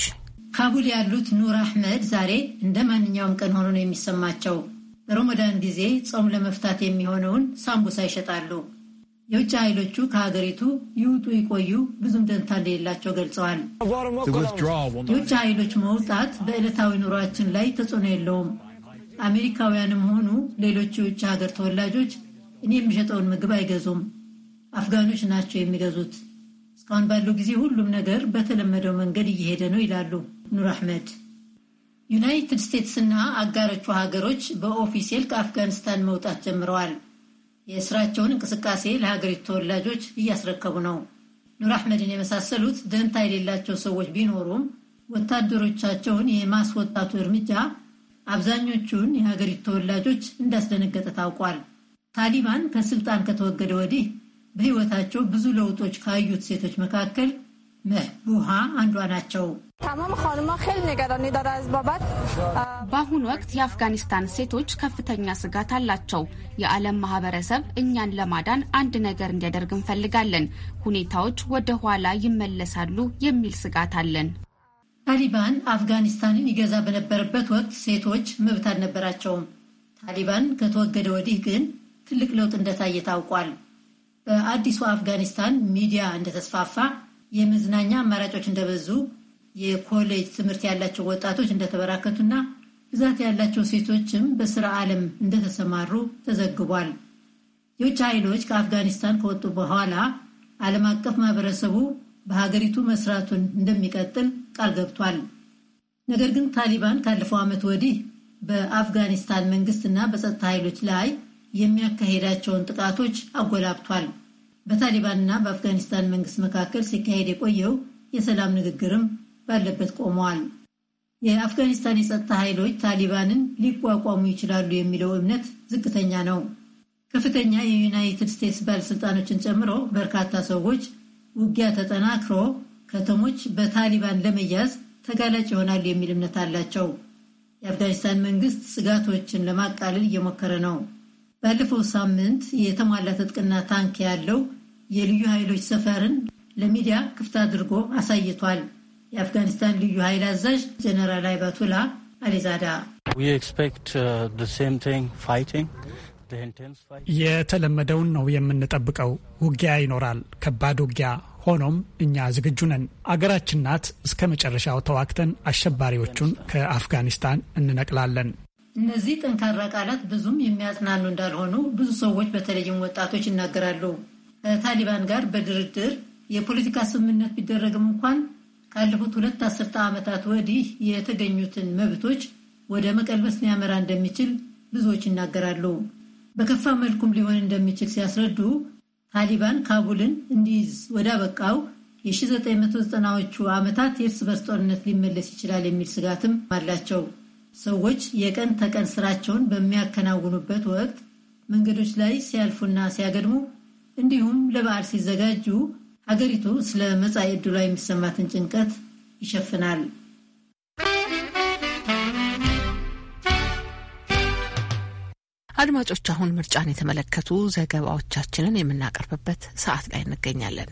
ካቡል ያሉት ኑር አህመድ ዛሬ እንደ ማንኛውም ቀን ሆኖ ነው የሚሰማቸው። በረመዳን ጊዜ ጾም ለመፍታት የሚሆነውን ሳምቡሳ ይሸጣሉ። የውጭ ኃይሎቹ ከሀገሪቱ ይውጡ ይቆዩ ብዙም ደንታ እንደሌላቸው ገልጸዋል። የውጭ ኃይሎች መውጣት በዕለታዊ ኑሯችን ላይ ተጽዕኖ የለውም። አሜሪካውያንም ሆኑ ሌሎች የውጭ ሀገር ተወላጆች እኔ የሚሸጠውን ምግብ አይገዙም። አፍጋኖች ናቸው የሚገዙት። እስካሁን ባለው ጊዜ ሁሉም ነገር በተለመደው መንገድ እየሄደ ነው ይላሉ ኑር አሕመድ። ዩናይትድ እና አጋሮቹ ሀገሮች በኦፊሴል ከአፍጋኒስታን መውጣት ጀምረዋል። የስራቸውን እንቅስቃሴ ለሀገሪቱ ተወላጆች እያስረከቡ ነው። ኑር አሕመድን የመሳሰሉት ደንታ የሌላቸው ሰዎች ቢኖሩም ወታደሮቻቸውን የማስወጣቱ እርምጃ አብዛኞቹን የሀገሪቱ ተወላጆች እንዳስደነገጠ ታውቋል። ታሊባን ከስልጣን ከተወገደ ወዲህ በሕይወታቸው ብዙ ለውጦች ካዩት ሴቶች መካከል መቡሃ አንዷ ናቸው። በአሁኑ ወቅት የአፍጋኒስታን ሴቶች ከፍተኛ ስጋት አላቸው። የዓለም ማህበረሰብ እኛን ለማዳን አንድ ነገር እንዲያደርግ እንፈልጋለን። ሁኔታዎች ወደ ኋላ ይመለሳሉ የሚል ስጋት አለን። ታሊባን አፍጋኒስታንን ይገዛ በነበረበት ወቅት ሴቶች መብት አልነበራቸውም። ታሊባን ከተወገደ ወዲህ ግን ትልቅ ለውጥ እንደታየ ታውቋል። በአዲሱ አፍጋኒስታን ሚዲያ እንደተስፋፋ የመዝናኛ አማራጮች እንደበዙ፣ የኮሌጅ ትምህርት ያላቸው ወጣቶች እንደተበራከቱና ብዛት ያላቸው ሴቶችም በስራ ዓለም እንደተሰማሩ ተዘግቧል። የውጭ ኃይሎች ከአፍጋኒስታን ከወጡ በኋላ ዓለም አቀፍ ማህበረሰቡ በሀገሪቱ መስራቱን እንደሚቀጥል ቃል ገብቷል። ነገር ግን ታሊባን ካለፈው ዓመት ወዲህ በአፍጋኒስታን መንግስትና በጸጥታ ኃይሎች ላይ የሚያካሄዳቸውን ጥቃቶች አጎላብቷል። በታሊባንና በአፍጋኒስታን መንግስት መካከል ሲካሄድ የቆየው የሰላም ንግግርም ባለበት ቆመዋል። የአፍጋኒስታን የጸጥታ ኃይሎች ታሊባንን ሊቋቋሙ ይችላሉ የሚለው እምነት ዝቅተኛ ነው። ከፍተኛ የዩናይትድ ስቴትስ ባለስልጣኖችን ጨምሮ በርካታ ሰዎች ውጊያ ተጠናክሮ ከተሞች በታሊባን ለመያዝ ተጋላጭ ይሆናሉ የሚል እምነት አላቸው። የአፍጋኒስታን መንግስት ስጋቶችን ለማቃለል እየሞከረ ነው። ባለፈው ሳምንት የተሟላ ትጥቅና ታንክ ያለው የልዩ ኃይሎች ሰፈርን ለሚዲያ ክፍት አድርጎ አሳይቷል። የአፍጋኒስታን ልዩ ኃይል አዛዥ ጀነራል አይባቱላ አሊዛዳ uh, የተለመደውን ነው የምንጠብቀው። ውጊያ ይኖራል፣ ከባድ ውጊያ። ሆኖም እኛ ዝግጁ ነን። አገራችን ናት። እስከ መጨረሻው ተዋክተን አሸባሪዎቹን ከአፍጋኒስታን እንነቅላለን። እነዚህ ጠንካራ ቃላት ብዙም የሚያጽናኑ እንዳልሆኑ ብዙ ሰዎች በተለይም ወጣቶች ይናገራሉ። ከታሊባን ጋር በድርድር የፖለቲካ ስምምነት ቢደረግም እንኳን ካለፉት ሁለት አስርተ ዓመታት ወዲህ የተገኙትን መብቶች ወደ መቀልበስ ሊያመራ እንደሚችል ብዙዎች ይናገራሉ። በከፋ መልኩም ሊሆን እንደሚችል ሲያስረዱ ታሊባን ካቡልን እንዲይዝ ወደ የ1990ዎቹ ዓመታት የእርስ በርስ ጦርነት ሊመለስ ይችላል የሚል ስጋትም አላቸው። ሰዎች የቀን ተቀን ስራቸውን በሚያከናውኑበት ወቅት መንገዶች ላይ ሲያልፉና ሲያገድሙ እንዲሁም ለበዓል ሲዘጋጁ ሀገሪቱ ስለ መጻኢ ዕድሏ የሚሰማትን ጭንቀት ይሸፍናል። አድማጮች፣ አሁን ምርጫን የተመለከቱ ዘገባዎቻችንን የምናቀርብበት ሰዓት ላይ እንገኛለን።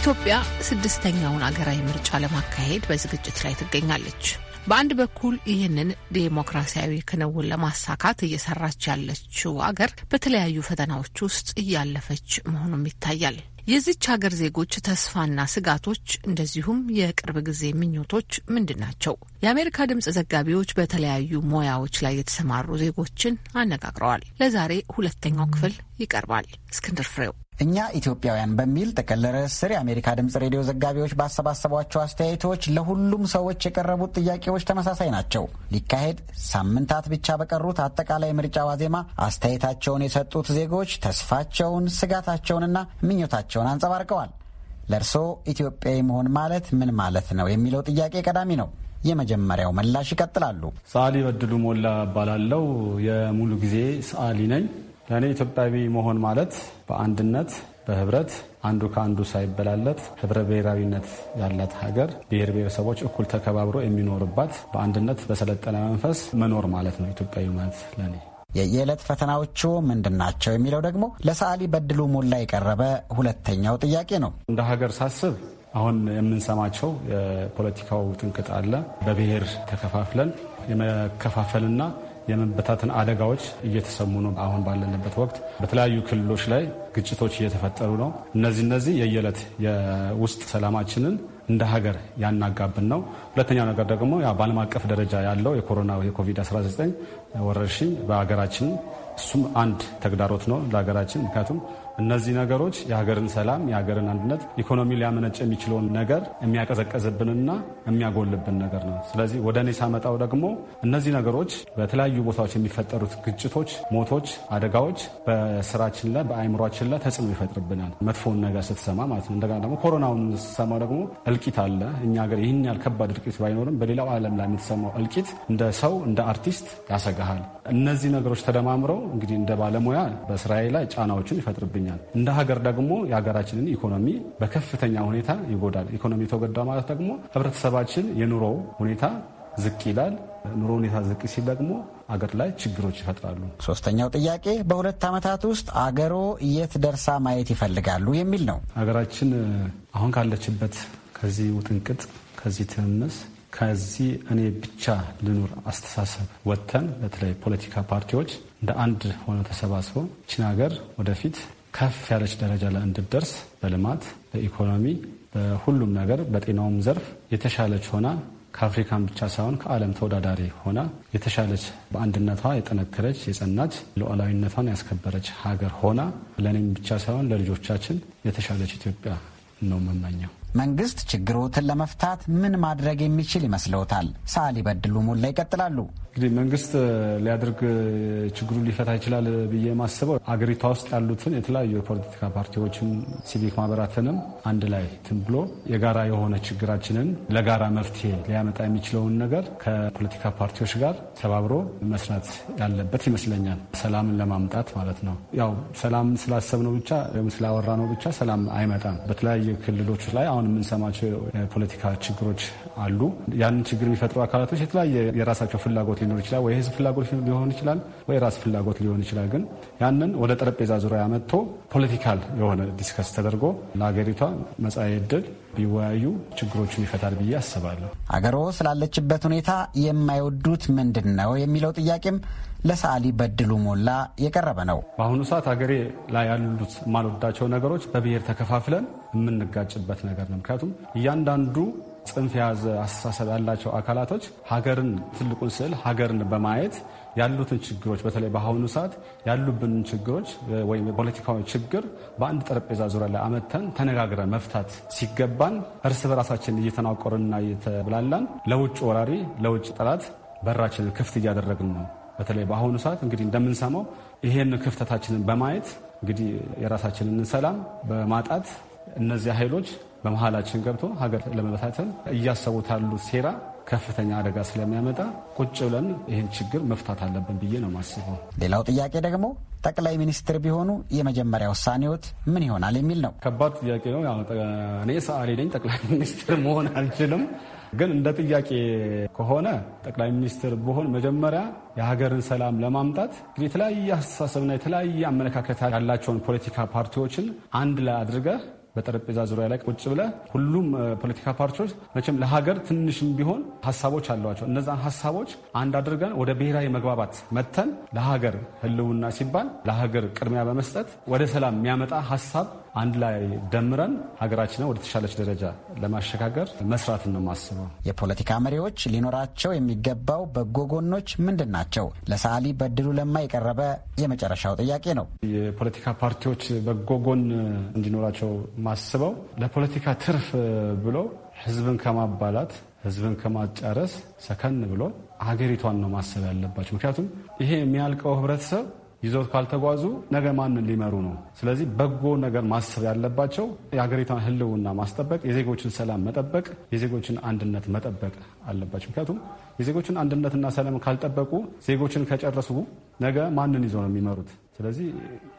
ኢትዮጵያ ስድስተኛውን አገራዊ ምርጫ ለማካሄድ በዝግጅት ላይ ትገኛለች። በአንድ በኩል ይህንን ዴሞክራሲያዊ ክንውን ለማሳካት እየሰራች ያለችው አገር በተለያዩ ፈተናዎች ውስጥ እያለፈች መሆኑም ይታያል። የዚች ሀገር ዜጎች ተስፋና ስጋቶች እንደዚሁም የቅርብ ጊዜ ምኞቶች ምንድን ናቸው? የአሜሪካ ድምጽ ዘጋቢዎች በተለያዩ ሙያዎች ላይ የተሰማሩ ዜጎችን አነጋግረዋል። ለዛሬ ሁለተኛው ክፍል ይቀርባል። እስክንድር ፍሬው እኛ ኢትዮጵያውያን በሚል ጥቅል ርዕስ ስር የአሜሪካ ድምፅ ሬዲዮ ዘጋቢዎች ባሰባሰቧቸው አስተያየቶች ለሁሉም ሰዎች የቀረቡት ጥያቄዎች ተመሳሳይ ናቸው። ሊካሄድ ሳምንታት ብቻ በቀሩት አጠቃላይ ምርጫ ዋዜማ አስተያየታቸውን የሰጡት ዜጎች ተስፋቸውን፣ ስጋታቸውንና ምኞታቸውን አንጸባርቀዋል። ለእርስዎ ኢትዮጵያዊ መሆን ማለት ምን ማለት ነው የሚለው ጥያቄ ቀዳሚ ነው። የመጀመሪያው ምላሽ ይቀጥላሉ። ሰዓሊ በድሉ ሞላ እባላለሁ። የሙሉ ጊዜ ሰዓሊ ነኝ። ለእኔ ኢትዮጵያዊ መሆን ማለት በአንድነት በህብረት አንዱ ከአንዱ ሳይበላለት ህብረ ብሔራዊነት ያላት ሀገር ብሔር ብሔረሰቦች እኩል ተከባብሮ የሚኖርባት በአንድነት በሰለጠነ መንፈስ መኖር ማለት ነው ኢትዮጵያዊ ማለት ለእኔ። የየዕለት ፈተናዎቹ ምንድናቸው የሚለው ደግሞ ለሰዓሊ በድሉ ሞላ የቀረበ ሁለተኛው ጥያቄ ነው። እንደ ሀገር ሳስብ አሁን የምንሰማቸው የፖለቲካው ጥንቅጥ አለ። በብሔር ተከፋፍለን የመከፋፈልና የመበታተን አደጋዎች እየተሰሙ ነው። አሁን ባለንበት ወቅት በተለያዩ ክልሎች ላይ ግጭቶች እየተፈጠሩ ነው። እነዚህ እነዚህ የየዕለት የውስጥ ሰላማችንን እንደ ሀገር ያናጋብን ነው። ሁለተኛው ነገር ደግሞ በዓለም አቀፍ ደረጃ ያለው የኮሮና የኮቪድ-19 ወረርሽኝ በሀገራችን እሱም አንድ ተግዳሮት ነው ለሀገራችን ምክንያቱም እነዚህ ነገሮች የሀገርን ሰላም፣ የሀገርን አንድነት፣ ኢኮኖሚ ሊያመነጭ የሚችለውን ነገር የሚያቀዘቀዝብንና የሚያጎልብን ነገር ነው። ስለዚህ ወደ እኔ ሳመጣው ደግሞ እነዚህ ነገሮች በተለያዩ ቦታዎች የሚፈጠሩት ግጭቶች፣ ሞቶች፣ አደጋዎች በስራችን ላይ በአይምሯችን ላይ ተጽዕኖ ይፈጥርብናል። መጥፎውን ነገር ስትሰማ ማለት ነው። እንደገና ደግሞ ኮሮናውን ስትሰማው ደግሞ እልቂት አለ። እኛ ሀገር ይህን ያህል ከባድ እልቂት ባይኖርም በሌላው ዓለም ላይ የምትሰማው እልቂት እንደ ሰው እንደ አርቲስት ያሰጋሃል። እነዚህ ነገሮች ተደማምረው እንግዲህ እንደ ባለሙያ በስራዬ ላይ ጫናዎችን ይፈጥርብኛል። እንደ ሀገር ደግሞ የሀገራችንን ኢኮኖሚ በከፍተኛ ሁኔታ ይጎዳል። ኢኮኖሚ ተጎዳ ማለት ደግሞ ህብረተሰባችን የኑሮ ሁኔታ ዝቅ ይላል። ኑሮ ሁኔታ ዝቅ ሲል ደግሞ አገር ላይ ችግሮች ይፈጥራሉ። ሶስተኛው ጥያቄ በሁለት ዓመታት ውስጥ አገሮ የት ደርሳ ማየት ይፈልጋሉ የሚል ነው። ሀገራችን አሁን ካለችበት ከዚህ ውጥንቅጥ ከዚህ ትምምስ ከዚህ እኔ ብቻ ልኑር አስተሳሰብ ወጥተን በተለይ ፖለቲካ ፓርቲዎች እንደ አንድ ሆነ ተሰባስበው ችን ሀገር ወደፊት ከፍ ያለች ደረጃ ላይ እንድደርስ በልማት፣ በኢኮኖሚ፣ በሁሉም ነገር በጤናውም ዘርፍ የተሻለች ሆና ከአፍሪካን ብቻ ሳይሆን ከዓለም ተወዳዳሪ ሆና የተሻለች በአንድነቷ የጠነከረች የጸናች ሉዓላዊነቷን ያስከበረች ሀገር ሆና ለእኔም ብቻ ሳይሆን ለልጆቻችን የተሻለች ኢትዮጵያ ነው መመኘው። መንግስት ችግሮትን ለመፍታት ምን ማድረግ የሚችል ይመስለውታል? ሳሊ በድሉ ሞላ ይቀጥላሉ። እንግዲህ መንግስት ሊያደርግ ችግሩን ሊፈታ ይችላል ብዬ የማስበው አገሪቷ ውስጥ ያሉትን የተለያዩ የፖለቲካ ፓርቲዎችን፣ ሲቪክ ማህበራትንም አንድ ላይ ትን ብሎ የጋራ የሆነ ችግራችንን ለጋራ መፍትሄ ሊያመጣ የሚችለውን ነገር ከፖለቲካ ፓርቲዎች ጋር ተባብሮ መስራት ያለበት ይመስለኛል። ሰላምን ለማምጣት ማለት ነው። ያው ሰላም ስላሰብነው ብቻ ወይም ስላወራ ነው ብቻ ሰላም አይመጣም። በተለያዩ ክልሎች ላይ አሁን የምንሰማቸው የፖለቲካ ችግሮች አሉ። ያንን ችግር የሚፈጥሩ አካላቶች የተለያየ የራሳቸው ፍላጎት ሊኖር ይችላል፣ ወይ ህዝብ ፍላጎት ሊሆን ይችላል፣ ወይ ራስ ፍላጎት ሊሆን ይችላል። ግን ያንን ወደ ጠረጴዛ ዙሪያ ያመጥቶ ፖለቲካል የሆነ ዲስከስ ተደርጎ ለሀገሪቷ መጻኢ ዕድል ቢወያዩ ችግሮቹን ይፈታል ብዬ አስባለሁ። አገሮ ስላለችበት ሁኔታ የማይወዱት ምንድን ነው የሚለው ጥያቄም ለሰዓሊ በድሉ ሞላ የቀረበ ነው። በአሁኑ ሰዓት ሀገሬ ላይ ያሉት የማልወዳቸው ነገሮች በብሔር ተከፋፍለን የምንጋጭበት ነገር ነው። ምክንያቱም እያንዳንዱ ጽንፍ የያዘ አስተሳሰብ ያላቸው አካላቶች ሀገርን ትልቁን ስዕል ሀገርን በማየት ያሉትን ችግሮች በተለይ በአሁኑ ሰዓት ያሉብንን ችግሮች ወይም የፖለቲካዊ ችግር በአንድ ጠረጴዛ ዙሪያ ላይ አመተን ተነጋግረን መፍታት ሲገባን እርስ በራሳችን እየተናቆርንና እየተብላላን ለውጭ ወራሪ ለውጭ ጠላት በራችንን ክፍት እያደረግን ነው። በተለይ በአሁኑ ሰዓት እንግዲህ እንደምንሰማው ይሄን ክፍተታችንን በማየት እንግዲህ የራሳችንን ሰላም በማጣት እነዚህ ኃይሎች በመሀላችን ገብቶ ሀገር ለመበታተን እያሰቡት ያሉት ሴራ ከፍተኛ አደጋ ስለሚያመጣ ቁጭ ብለን ይህን ችግር መፍታት አለብን ብዬ ነው የማስበው። ሌላው ጥያቄ ደግሞ ጠቅላይ ሚኒስትር ቢሆኑ የመጀመሪያ ውሳኔዎት ምን ይሆናል የሚል ነው። ከባድ ጥያቄ ነው። እኔ ሰዓሊ ነኝ። ጠቅላይ [LAUGHS] ሚኒስትር መሆን አልችልም። ግን እንደ ጥያቄ ከሆነ ጠቅላይ ሚኒስትር ብሆን መጀመሪያ የሀገርን ሰላም ለማምጣት የተለያየ አስተሳሰብና የተለያየ አመለካከት ያላቸውን ፖለቲካ ፓርቲዎችን አንድ ላይ አድርገህ በጠረጴዛ ዙሪያ ላይ ቁጭ ብለ ሁሉም ፖለቲካ ፓርቲዎች መቼም ለሀገር ትንሽም ቢሆን ሀሳቦች አለዋቸው። እነዛን ሀሳቦች አንድ አድርገን ወደ ብሔራዊ መግባባት መተን ለሀገር ሕልውና ሲባል ለሀገር ቅድሚያ በመስጠት ወደ ሰላም የሚያመጣ ሀሳብ አንድ ላይ ደምረን ሀገራችንን ወደ ተሻለች ደረጃ ለማሸጋገር መስራትን ነው ማስበው። የፖለቲካ መሪዎች ሊኖራቸው የሚገባው በጎ ጎኖች ምንድን ናቸው? ለሳሊ በድሉ ለማ የቀረበ የመጨረሻው ጥያቄ ነው። የፖለቲካ ፓርቲዎች በጎ ጎን እንዲኖራቸው ማስበው ለፖለቲካ ትርፍ ብሎ ህዝብን ከማባላት ህዝብን ከማጫረስ ሰከን ብሎ ሀገሪቷን ነው ማሰብ ያለባቸው። ምክንያቱም ይሄ የሚያልቀው ህብረተሰብ ይዘው ካልተጓዙ ነገ ማንን ሊመሩ ነው? ስለዚህ በጎ ነገር ማሰብ ያለባቸው የሀገሪቷን ህልውና ማስጠበቅ፣ የዜጎችን ሰላም መጠበቅ፣ የዜጎችን አንድነት መጠበቅ አለባቸው። ምክንያቱም የዜጎችን አንድነትና ሰላም ካልጠበቁ፣ ዜጎችን ከጨረሱ ነገ ማንን ይዘው ነው የሚመሩት? ስለዚህ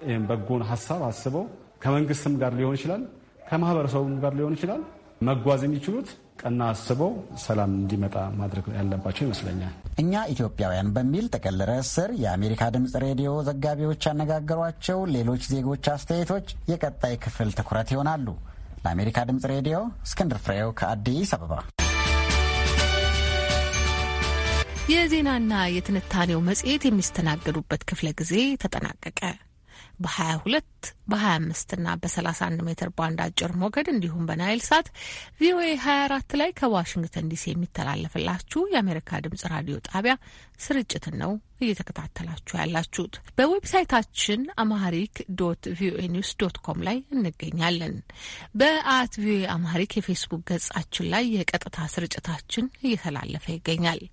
ይህም በጎን ሀሳብ አስበው ከመንግስትም ጋር ሊሆን ይችላል፣ ከማህበረሰቡም ጋር ሊሆን ይችላል መጓዝ የሚችሉት ቀና አስበው ሰላም እንዲመጣ ማድረግ ያለባቸው ይመስለኛል። እኛ ኢትዮጵያውያን በሚል ጥቅል ርዕስ ስር የአሜሪካ ድምፅ ሬዲዮ ዘጋቢዎች ያነጋገሯቸው ሌሎች ዜጎች አስተያየቶች የቀጣይ ክፍል ትኩረት ይሆናሉ። ለአሜሪካ ድምፅ ሬዲዮ እስክንድር ፍሬው ከአዲስ አበባ። የዜናና የትንታኔው መጽሔት የሚስተናገዱበት ክፍለ ጊዜ ተጠናቀቀ። በ22 በ በ25 እና በ31 ሜትር ባንድ አጭር ሞገድ እንዲሁም በናይል ሳት ቪኦኤ 24 ላይ ከዋሽንግተን ዲሲ የሚተላለፍላችሁ የአሜሪካ ድምጽ ራዲዮ ጣቢያ ስርጭትን ነው እየተከታተላችሁ ያላችሁት። በዌብሳይታችን አማሪክ ዶት ቪኦኤ ኒውስ ዶት ኮም ላይ እንገኛለን። በአት ቪኦኤ አማሪክ የፌስቡክ ገጻችን ላይ የቀጥታ ስርጭታችን እየተላለፈ ይገኛል።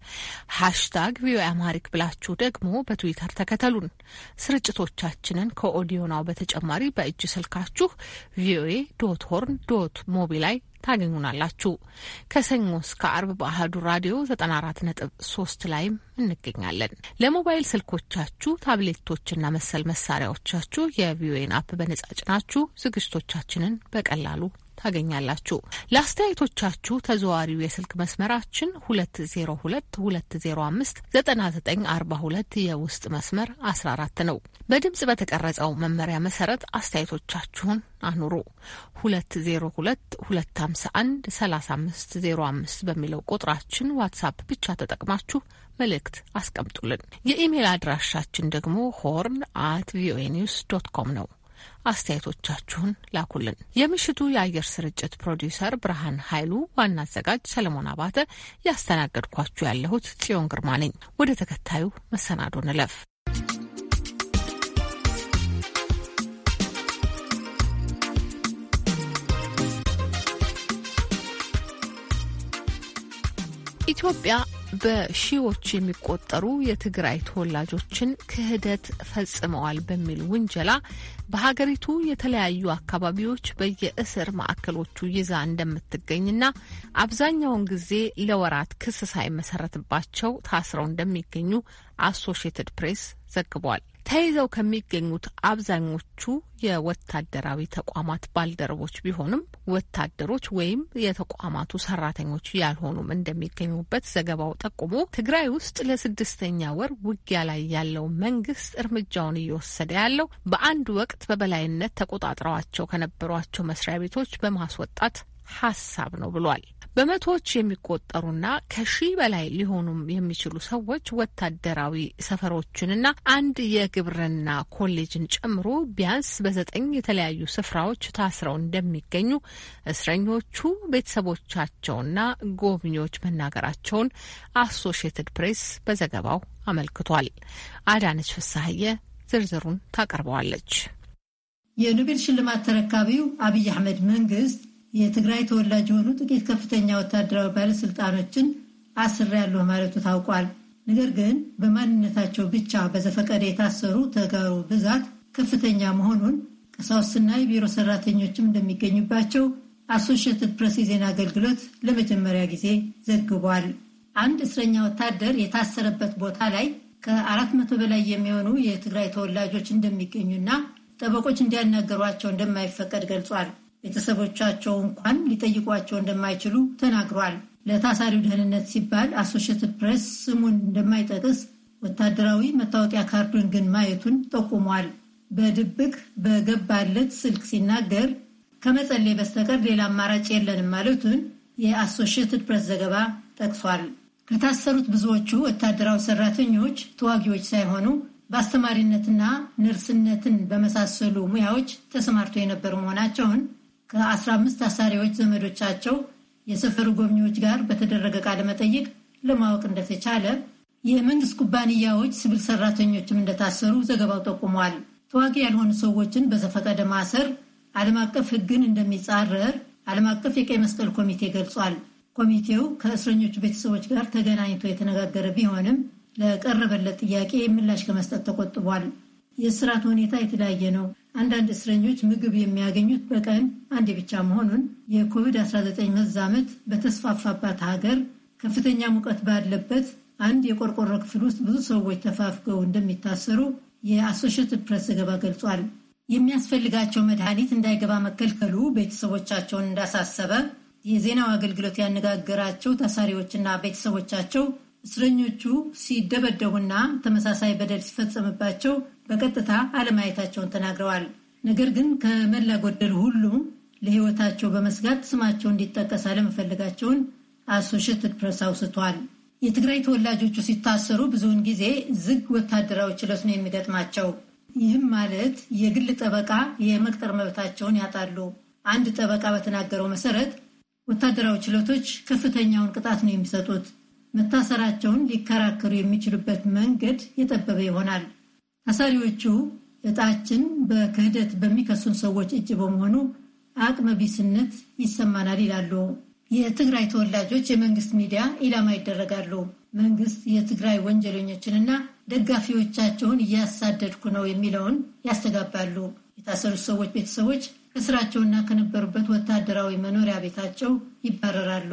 ሃሽታግ ቪኦኤ አማሪክ ብላችሁ ደግሞ በትዊተር ተከተሉን። ስርጭቶቻችንን ከኦዲዮ ናው በተጨ በተጨማሪ በእጅ ስልካችሁ ቪኦኤ ዶት ሆርን ዶት ሞቢ ላይ ታገኙናላችሁ። ከሰኞ እስከ አርብ በአህዱ ራዲዮ 94.3 ላይም እንገኛለን። ለሞባይል ስልኮቻችሁ ታብሌቶችና መሰል መሳሪያዎቻችሁ የቪኦኤን አፕ በነጻ ጭናችሁ ዝግጅቶቻችንን በቀላሉ ታገኛላችሁ። ለአስተያየቶቻችሁ ተዘዋሪው የስልክ መስመራችን 202205 9942 የውስጥ መስመር 14 ነው። በድምጽ በተቀረጸው መመሪያ መሰረት አስተያየቶቻችሁን አኑሩ። 2022513505 በሚለው ቁጥራችን ዋትሳፕ ብቻ ተጠቅማችሁ መልእክት አስቀምጡልን። የኢሜል አድራሻችን ደግሞ ሆርን አት ቪኦኤ ኒውስ ዶት ኮም ነው። አስተያየቶቻችሁን ላኩልን። የምሽቱ የአየር ስርጭት ፕሮዲውሰር ብርሃን ኃይሉ፣ ዋና አዘጋጅ ሰለሞን አባተ፣ ያስተናገድኳችሁ ያለሁት ጽዮን ግርማ ነኝ። ወደ ተከታዩ መሰናዶ ንለፍ። ኢትዮጵያ በሺዎች የሚቆጠሩ የትግራይ ተወላጆችን ክህደት ፈጽመዋል በሚል ውንጀላ በሀገሪቱ የተለያዩ አካባቢዎች በየእስር ማዕከሎቹ ይዛ እንደምትገኝና አብዛኛውን ጊዜ ለወራት ክስ ሳይመሰረትባቸው ታስረው እንደሚገኙ አሶሽየትድ ፕሬስ ዘግቧል። ተይዘው ከሚገኙት አብዛኞቹ የወታደራዊ ተቋማት ባልደረቦች ቢሆንም ወታደሮች ወይም የተቋማቱ ሰራተኞች ያልሆኑም እንደሚገኙበት ዘገባው ጠቁሞ፣ ትግራይ ውስጥ ለስድስተኛ ወር ውጊያ ላይ ያለው መንግስት እርምጃውን እየወሰደ ያለው በአንድ ወቅት በበላይነት ተቆጣጥረዋቸው ከነበሯቸው መስሪያ ቤቶች በማስወጣት ሀሳብ ነው ብሏል። በመቶዎች የሚቆጠሩና ከሺህ በላይ ሊሆኑ የሚችሉ ሰዎች ወታደራዊ ሰፈሮችንና አንድ የግብርና ኮሌጅን ጨምሮ ቢያንስ በዘጠኝ የተለያዩ ስፍራዎች ታስረው እንደሚገኙ እስረኞቹ ቤተሰቦቻቸውና ጎብኚዎች መናገራቸውን አሶሽየትድ ፕሬስ በዘገባው አመልክቷል። አዳነች ፍሳሀየ ዝርዝሩን ታቀርበዋለች። የኖቤል ሽልማት ተረካቢው አብይ አህመድ መንግስት የትግራይ ተወላጅ የሆኑ ጥቂት ከፍተኛ ወታደራዊ ባለስልጣኖችን አስሬያለሁ ማለቱ ታውቋል። ነገር ግን በማንነታቸው ብቻ በዘፈቀደ የታሰሩ ተጋሩ ብዛት ከፍተኛ መሆኑን ቀሳውስትና የቢሮ ሰራተኞችም እንደሚገኙባቸው አሶሽትድ ፕሬስ የዜና አገልግሎት ለመጀመሪያ ጊዜ ዘግቧል። አንድ እስረኛ ወታደር የታሰረበት ቦታ ላይ ከአራት መቶ በላይ የሚሆኑ የትግራይ ተወላጆች እንደሚገኙና ጠበቆች እንዲያናገሯቸው እንደማይፈቀድ ገልጿል። ቤተሰቦቻቸው እንኳን ሊጠይቋቸው እንደማይችሉ ተናግሯል። ለታሳሪው ደህንነት ሲባል አሶሺየትድ ፕሬስ ስሙን እንደማይጠቅስ ወታደራዊ መታወቂያ ካርዱን ግን ማየቱን ጠቁሟል። በድብቅ በገባለት ስልክ ሲናገር ከመጸለይ በስተቀር ሌላ አማራጭ የለንም ማለቱን የአሶሽትድ ፕሬስ ዘገባ ጠቅሷል። ከታሰሩት ብዙዎቹ ወታደራዊ ሰራተኞች፣ ተዋጊዎች ሳይሆኑ በአስተማሪነትና ነርስነትን በመሳሰሉ ሙያዎች ተሰማርተው የነበሩ መሆናቸውን ከ15 ታሳሪዎች ዘመዶቻቸው የሰፈሩ ጎብኚዎች ጋር በተደረገ ቃለ መጠይቅ ለማወቅ እንደተቻለ የመንግስት ኩባንያዎች ስብል ሰራተኞችም እንደታሰሩ ዘገባው ጠቁሟል። ተዋጊ ያልሆኑ ሰዎችን በዘፈቀደ ማሰር ዓለም አቀፍ ሕግን እንደሚጻረር ዓለም አቀፍ የቀይ መስቀል ኮሚቴ ገልጿል። ኮሚቴው ከእስረኞቹ ቤተሰቦች ጋር ተገናኝቶ የተነጋገረ ቢሆንም ለቀረበለት ጥያቄ ምላሽ ከመስጠት ተቆጥቧል። የእስራት ሁኔታ የተለያየ ነው። አንዳንድ እስረኞች ምግብ የሚያገኙት በቀን አንድ ብቻ መሆኑን የኮቪድ-19 መዛመት በተስፋፋባት ሀገር ከፍተኛ ሙቀት ባለበት አንድ የቆርቆሮ ክፍል ውስጥ ብዙ ሰዎች ተፋፍገው እንደሚታሰሩ የአሶሽትድ ፕሬስ ዘገባ ገልጿል። የሚያስፈልጋቸው መድኃኒት እንዳይገባ መከልከሉ ቤተሰቦቻቸውን እንዳሳሰበ የዜናው አገልግሎት ያነጋገራቸው ታሳሪዎችና ቤተሰቦቻቸው እስረኞቹ ሲደበደቡና ተመሳሳይ በደል ሲፈጸምባቸው በቀጥታ አለማየታቸውን ተናግረዋል። ነገር ግን ከመላ ጎደል ሁሉም ለሕይወታቸው በመስጋት ስማቸው እንዲጠቀስ አለመፈለጋቸውን አሶሽትድ ፕሬስ አውስቷል። የትግራይ ተወላጆቹ ሲታሰሩ ብዙውን ጊዜ ዝግ ወታደራዊ ችሎት ነው የሚገጥማቸው። ይህም ማለት የግል ጠበቃ የመቅጠር መብታቸውን ያጣሉ። አንድ ጠበቃ በተናገረው መሰረት ወታደራዊ ችሎቶች ከፍተኛውን ቅጣት ነው የሚሰጡት። መታሰራቸውን ሊከራከሩ የሚችሉበት መንገድ የጠበበ ይሆናል። አሳሪዎቹ እጣችን በክህደት በሚከሱን ሰዎች እጅ በመሆኑ አቅመ ቢስነት ይሰማናል ይላሉ። የትግራይ ተወላጆች የመንግስት ሚዲያ ኢላማ ይደረጋሉ። መንግስት የትግራይ ወንጀለኞችንና ደጋፊዎቻቸውን እያሳደድኩ ነው የሚለውን ያስተጋባሉ። የታሰሩት ሰዎች ቤተሰቦች ከስራቸውና ከነበሩበት ወታደራዊ መኖሪያ ቤታቸው ይባረራሉ።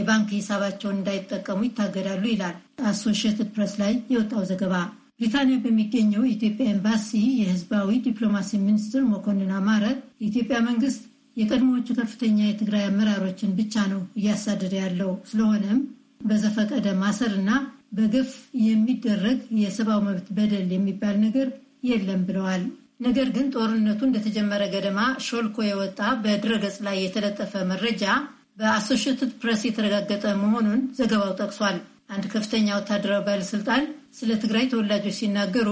የባንክ ሂሳባቸውን እንዳይጠቀሙ ይታገዳሉ ይላል አሶሽትድ ፕሬስ ላይ የወጣው ዘገባ። ብሪታንያ በሚገኘው የኢትዮጵያ ኤምባሲ የህዝባዊ ዲፕሎማሲ ሚኒስትር መኮንን አማረ የኢትዮጵያ መንግስት የቀድሞዎቹ ከፍተኛ የትግራይ አመራሮችን ብቻ ነው እያሳደደ ያለው፣ ስለሆነም በዘፈቀደ ማሰር እና በግፍ የሚደረግ የሰብአዊ መብት በደል የሚባል ነገር የለም ብለዋል። ነገር ግን ጦርነቱ እንደተጀመረ ገደማ ሾልኮ የወጣ በድረገጽ ላይ የተለጠፈ መረጃ በአሶሽትድ ፕሬስ የተረጋገጠ መሆኑን ዘገባው ጠቅሷል። አንድ ከፍተኛ ወታደራዊ ባለስልጣን ስለ ትግራይ ተወላጆች ሲናገሩ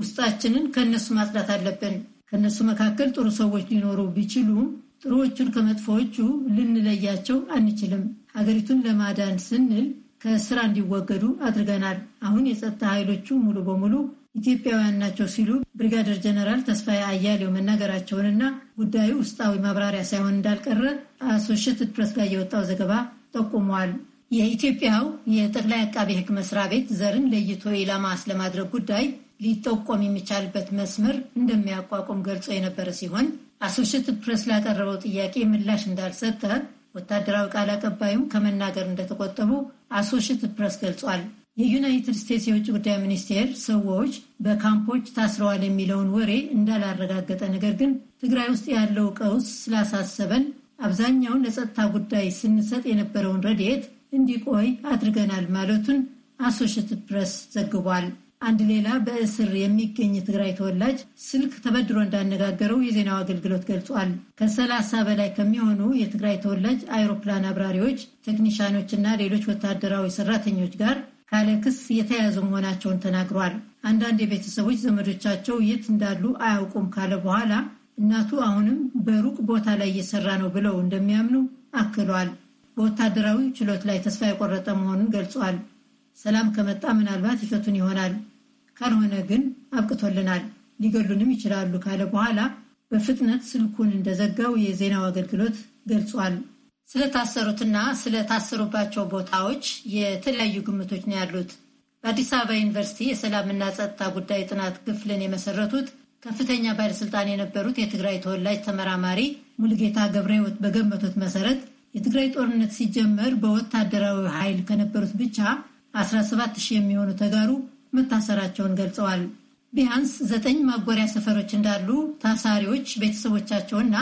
ውስጣችንን ከእነሱ ማጽዳት አለብን። ከእነሱ መካከል ጥሩ ሰዎች ሊኖሩ ቢችሉም ጥሩዎቹን ከመጥፎዎቹ ልንለያቸው አንችልም። ሀገሪቱን ለማዳን ስንል ከስራ እንዲወገዱ አድርገናል። አሁን የጸጥታ ኃይሎቹ ሙሉ በሙሉ ኢትዮጵያውያን ናቸው ሲሉ ብሪጋደር ጀነራል ተስፋዬ አያሌው መናገራቸውንና ጉዳዩ ውስጣዊ ማብራሪያ ሳይሆን እንዳልቀረ አሶሽትድ ፕሬስ ጋር የወጣው ዘገባ ጠቁመዋል። የኢትዮጵያው የጠቅላይ አቃቤ ሕግ መስሪያ ቤት ዘርን ለይቶ ኢላማስ ለማድረግ ጉዳይ ሊጠቆም የሚቻልበት መስመር እንደሚያቋቁም ገልጾ የነበረ ሲሆን አሶሽትድ ፕሬስ ላቀረበው ጥያቄ ምላሽ እንዳልሰጠ ወታደራዊ ቃል አቀባዩም ከመናገር እንደተቆጠቡ አሶሽትድ ፕሬስ ገልጿል። የዩናይትድ ስቴትስ የውጭ ጉዳይ ሚኒስቴር ሰዎች በካምፖች ታስረዋል የሚለውን ወሬ እንዳላረጋገጠ፣ ነገር ግን ትግራይ ውስጥ ያለው ቀውስ ስላሳሰበን አብዛኛውን ለጸጥታ ጉዳይ ስንሰጥ የነበረውን ረድኤት እንዲቆይ አድርገናል ማለቱን አሶሽትድ ፕሬስ ዘግቧል። አንድ ሌላ በእስር የሚገኝ ትግራይ ተወላጅ ስልክ ተበድሮ እንዳነጋገረው የዜናው አገልግሎት ገልጿል። ከሰላሳ በላይ ከሚሆኑ የትግራይ ተወላጅ አይሮፕላን አብራሪዎች፣ እና ሌሎች ወታደራዊ ሰራተኞች ጋር ካለ ክስ የተያዙ መሆናቸውን ተናግሯል። አንዳንድ የቤተሰቦች ዘመዶቻቸው የት እንዳሉ አያውቁም ካለ በኋላ እናቱ አሁንም በሩቅ ቦታ ላይ እየሰራ ነው ብለው እንደሚያምኑ አክሏል። በወታደራዊ ችሎት ላይ ተስፋ የቆረጠ መሆኑን ገልጿል። ሰላም ከመጣ ምናልባት ይፈቱን ይሆናል፣ ካልሆነ ግን አብቅቶልናል፣ ሊገሉንም ይችላሉ ካለ በኋላ በፍጥነት ስልኩን እንደዘጋው የዜናው አገልግሎት ገልጿል። ስለታሰሩትና ስለታሰሩባቸው ቦታዎች የተለያዩ ግምቶች ነው ያሉት። በአዲስ አበባ ዩኒቨርሲቲ የሰላምና ጸጥታ ጉዳይ ጥናት ክፍልን የመሰረቱት ከፍተኛ ባለስልጣን የነበሩት የትግራይ ተወላጅ ተመራማሪ ሙልጌታ ገብረሕይወት በገመቱት መሰረት የትግራይ ጦርነት ሲጀመር በወታደራዊ ኃይል ከነበሩት ብቻ 17 ሺህ የሚሆኑ ተጋሩ መታሰራቸውን ገልጸዋል። ቢያንስ ዘጠኝ ማጎሪያ ሰፈሮች እንዳሉ ታሳሪዎች ቤተሰቦቻቸውና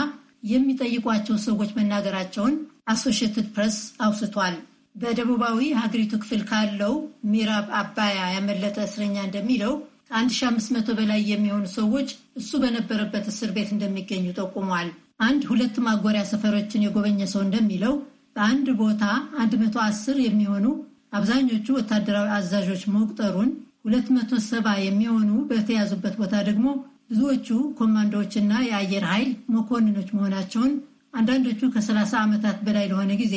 የሚጠይቋቸው ሰዎች መናገራቸውን አሶሽትድ ፕሬስ አውስቷል። በደቡባዊ ሀገሪቱ ክፍል ካለው ሚራብ አባያ ያመለጠ እስረኛ እንደሚለው ከ1500 በላይ የሚሆኑ ሰዎች እሱ በነበረበት እስር ቤት እንደሚገኙ ጠቁሟል። አንድ ሁለት ማጎሪያ ሰፈሮችን የጎበኘ ሰው እንደሚለው በአንድ ቦታ 110 የሚሆኑ አብዛኞቹ ወታደራዊ አዛዦች መቁጠሩን፣ 270 የሚሆኑ በተያዙበት ቦታ ደግሞ ብዙዎቹ ኮማንዶዎችና የአየር ኃይል መኮንኖች መሆናቸውን፣ አንዳንዶቹ ከ30 ዓመታት በላይ ለሆነ ጊዜ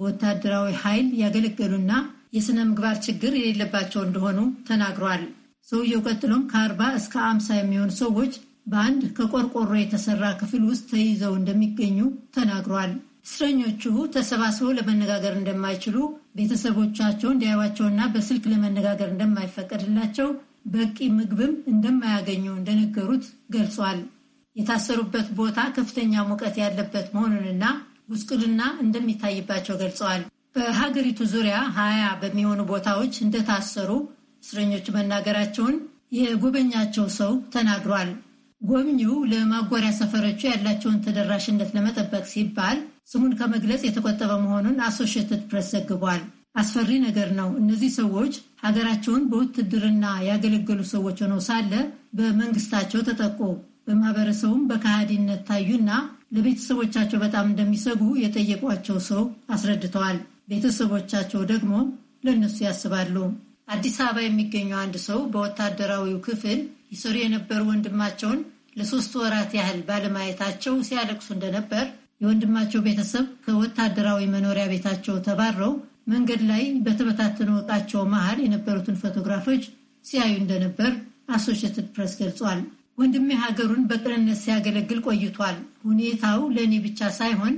በወታደራዊ ኃይል ያገለገሉና የሥነ ምግባር ችግር የሌለባቸው እንደሆኑ ተናግሯል። ሰውየው ቀጥሎም ከ40 እስከ 50 የሚሆኑ ሰዎች በአንድ ከቆርቆሮ የተሰራ ክፍል ውስጥ ተይዘው እንደሚገኙ ተናግሯል። እስረኞቹ ተሰባስበው ለመነጋገር እንደማይችሉ፣ ቤተሰቦቻቸው እንዲያዩቸውና በስልክ ለመነጋገር እንደማይፈቀድላቸው፣ በቂ ምግብም እንደማያገኙ እንደነገሩት ገልጿል። የታሰሩበት ቦታ ከፍተኛ ሙቀት ያለበት መሆኑንና ውስቅልና እንደሚታይባቸው ገልጸዋል። በሀገሪቱ ዙሪያ ሀያ በሚሆኑ ቦታዎች እንደታሰሩ እስረኞቹ መናገራቸውን የጎበኛቸው ሰው ተናግሯል። ጎብኚው ለማጎሪያ ሰፈሮቹ ያላቸውን ተደራሽነት ለመጠበቅ ሲባል ስሙን ከመግለጽ የተቆጠበ መሆኑን አሶሺየትድ ፕሬስ ዘግቧል። አስፈሪ ነገር ነው። እነዚህ ሰዎች ሀገራቸውን በውትድርና ያገለገሉ ሰዎች ሆነው ሳለ በመንግስታቸው ተጠቁ፣ በማህበረሰቡም በካሃዲነት ታዩና ለቤተሰቦቻቸው በጣም እንደሚሰጉ የጠየቋቸው ሰው አስረድተዋል። ቤተሰቦቻቸው ደግሞ ለእነሱ ያስባሉ። አዲስ አበባ የሚገኙ አንድ ሰው በወታደራዊው ክፍል ይሰሩ የነበሩ ወንድማቸውን ለሶስት ወራት ያህል ባለማየታቸው ሲያለቅሱ እንደነበር የወንድማቸው ቤተሰብ ከወታደራዊ መኖሪያ ቤታቸው ተባረው መንገድ ላይ በተበታተኑ ወጣቸው መሃል የነበሩትን ፎቶግራፎች ሲያዩ እንደነበር አሶሽትድ ፕሬስ ገልጿል። ወንድሜ ሀገሩን በቅንነት ሲያገለግል ቆይቷል። ሁኔታው ለእኔ ብቻ ሳይሆን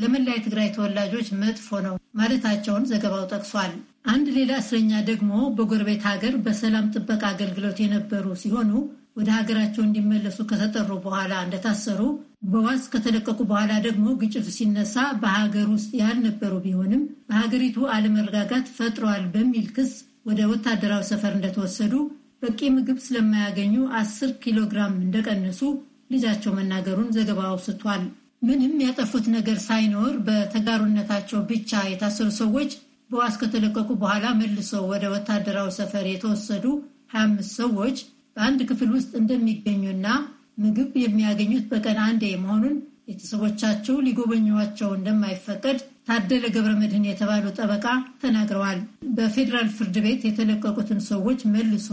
ለመላ የትግራይ ተወላጆች መጥፎ ነው ማለታቸውን ዘገባው ጠቅሷል። አንድ ሌላ እስረኛ ደግሞ በጎረቤት ሀገር በሰላም ጥበቃ አገልግሎት የነበሩ ሲሆኑ ወደ ሀገራቸው እንዲመለሱ ከተጠሩ በኋላ እንደታሰሩ፣ በዋስ ከተለቀቁ በኋላ ደግሞ ግጭቱ ሲነሳ በሀገር ውስጥ ያልነበሩ ቢሆንም በሀገሪቱ አለመረጋጋት ፈጥረዋል በሚል ክስ ወደ ወታደራዊ ሰፈር እንደተወሰዱ፣ በቂ ምግብ ስለማያገኙ አስር ኪሎ ግራም እንደቀነሱ ልጃቸው መናገሩን ዘገባው አውስቷል። ምንም ያጠፉት ነገር ሳይኖር በተጋሩነታቸው ብቻ የታሰሩ ሰዎች በዋስ ከተለቀቁ በኋላ መልሶ ወደ ወታደራዊ ሰፈር የተወሰዱ 25 ሰዎች በአንድ ክፍል ውስጥ እንደሚገኙና ምግብ የሚያገኙት በቀን አንዴ መሆኑን ቤተሰቦቻቸው ሊጎበኟቸው እንደማይፈቀድ ታደለ ገብረ መድህን የተባሉ ጠበቃ ተናግረዋል። በፌዴራል ፍርድ ቤት የተለቀቁትን ሰዎች መልሶ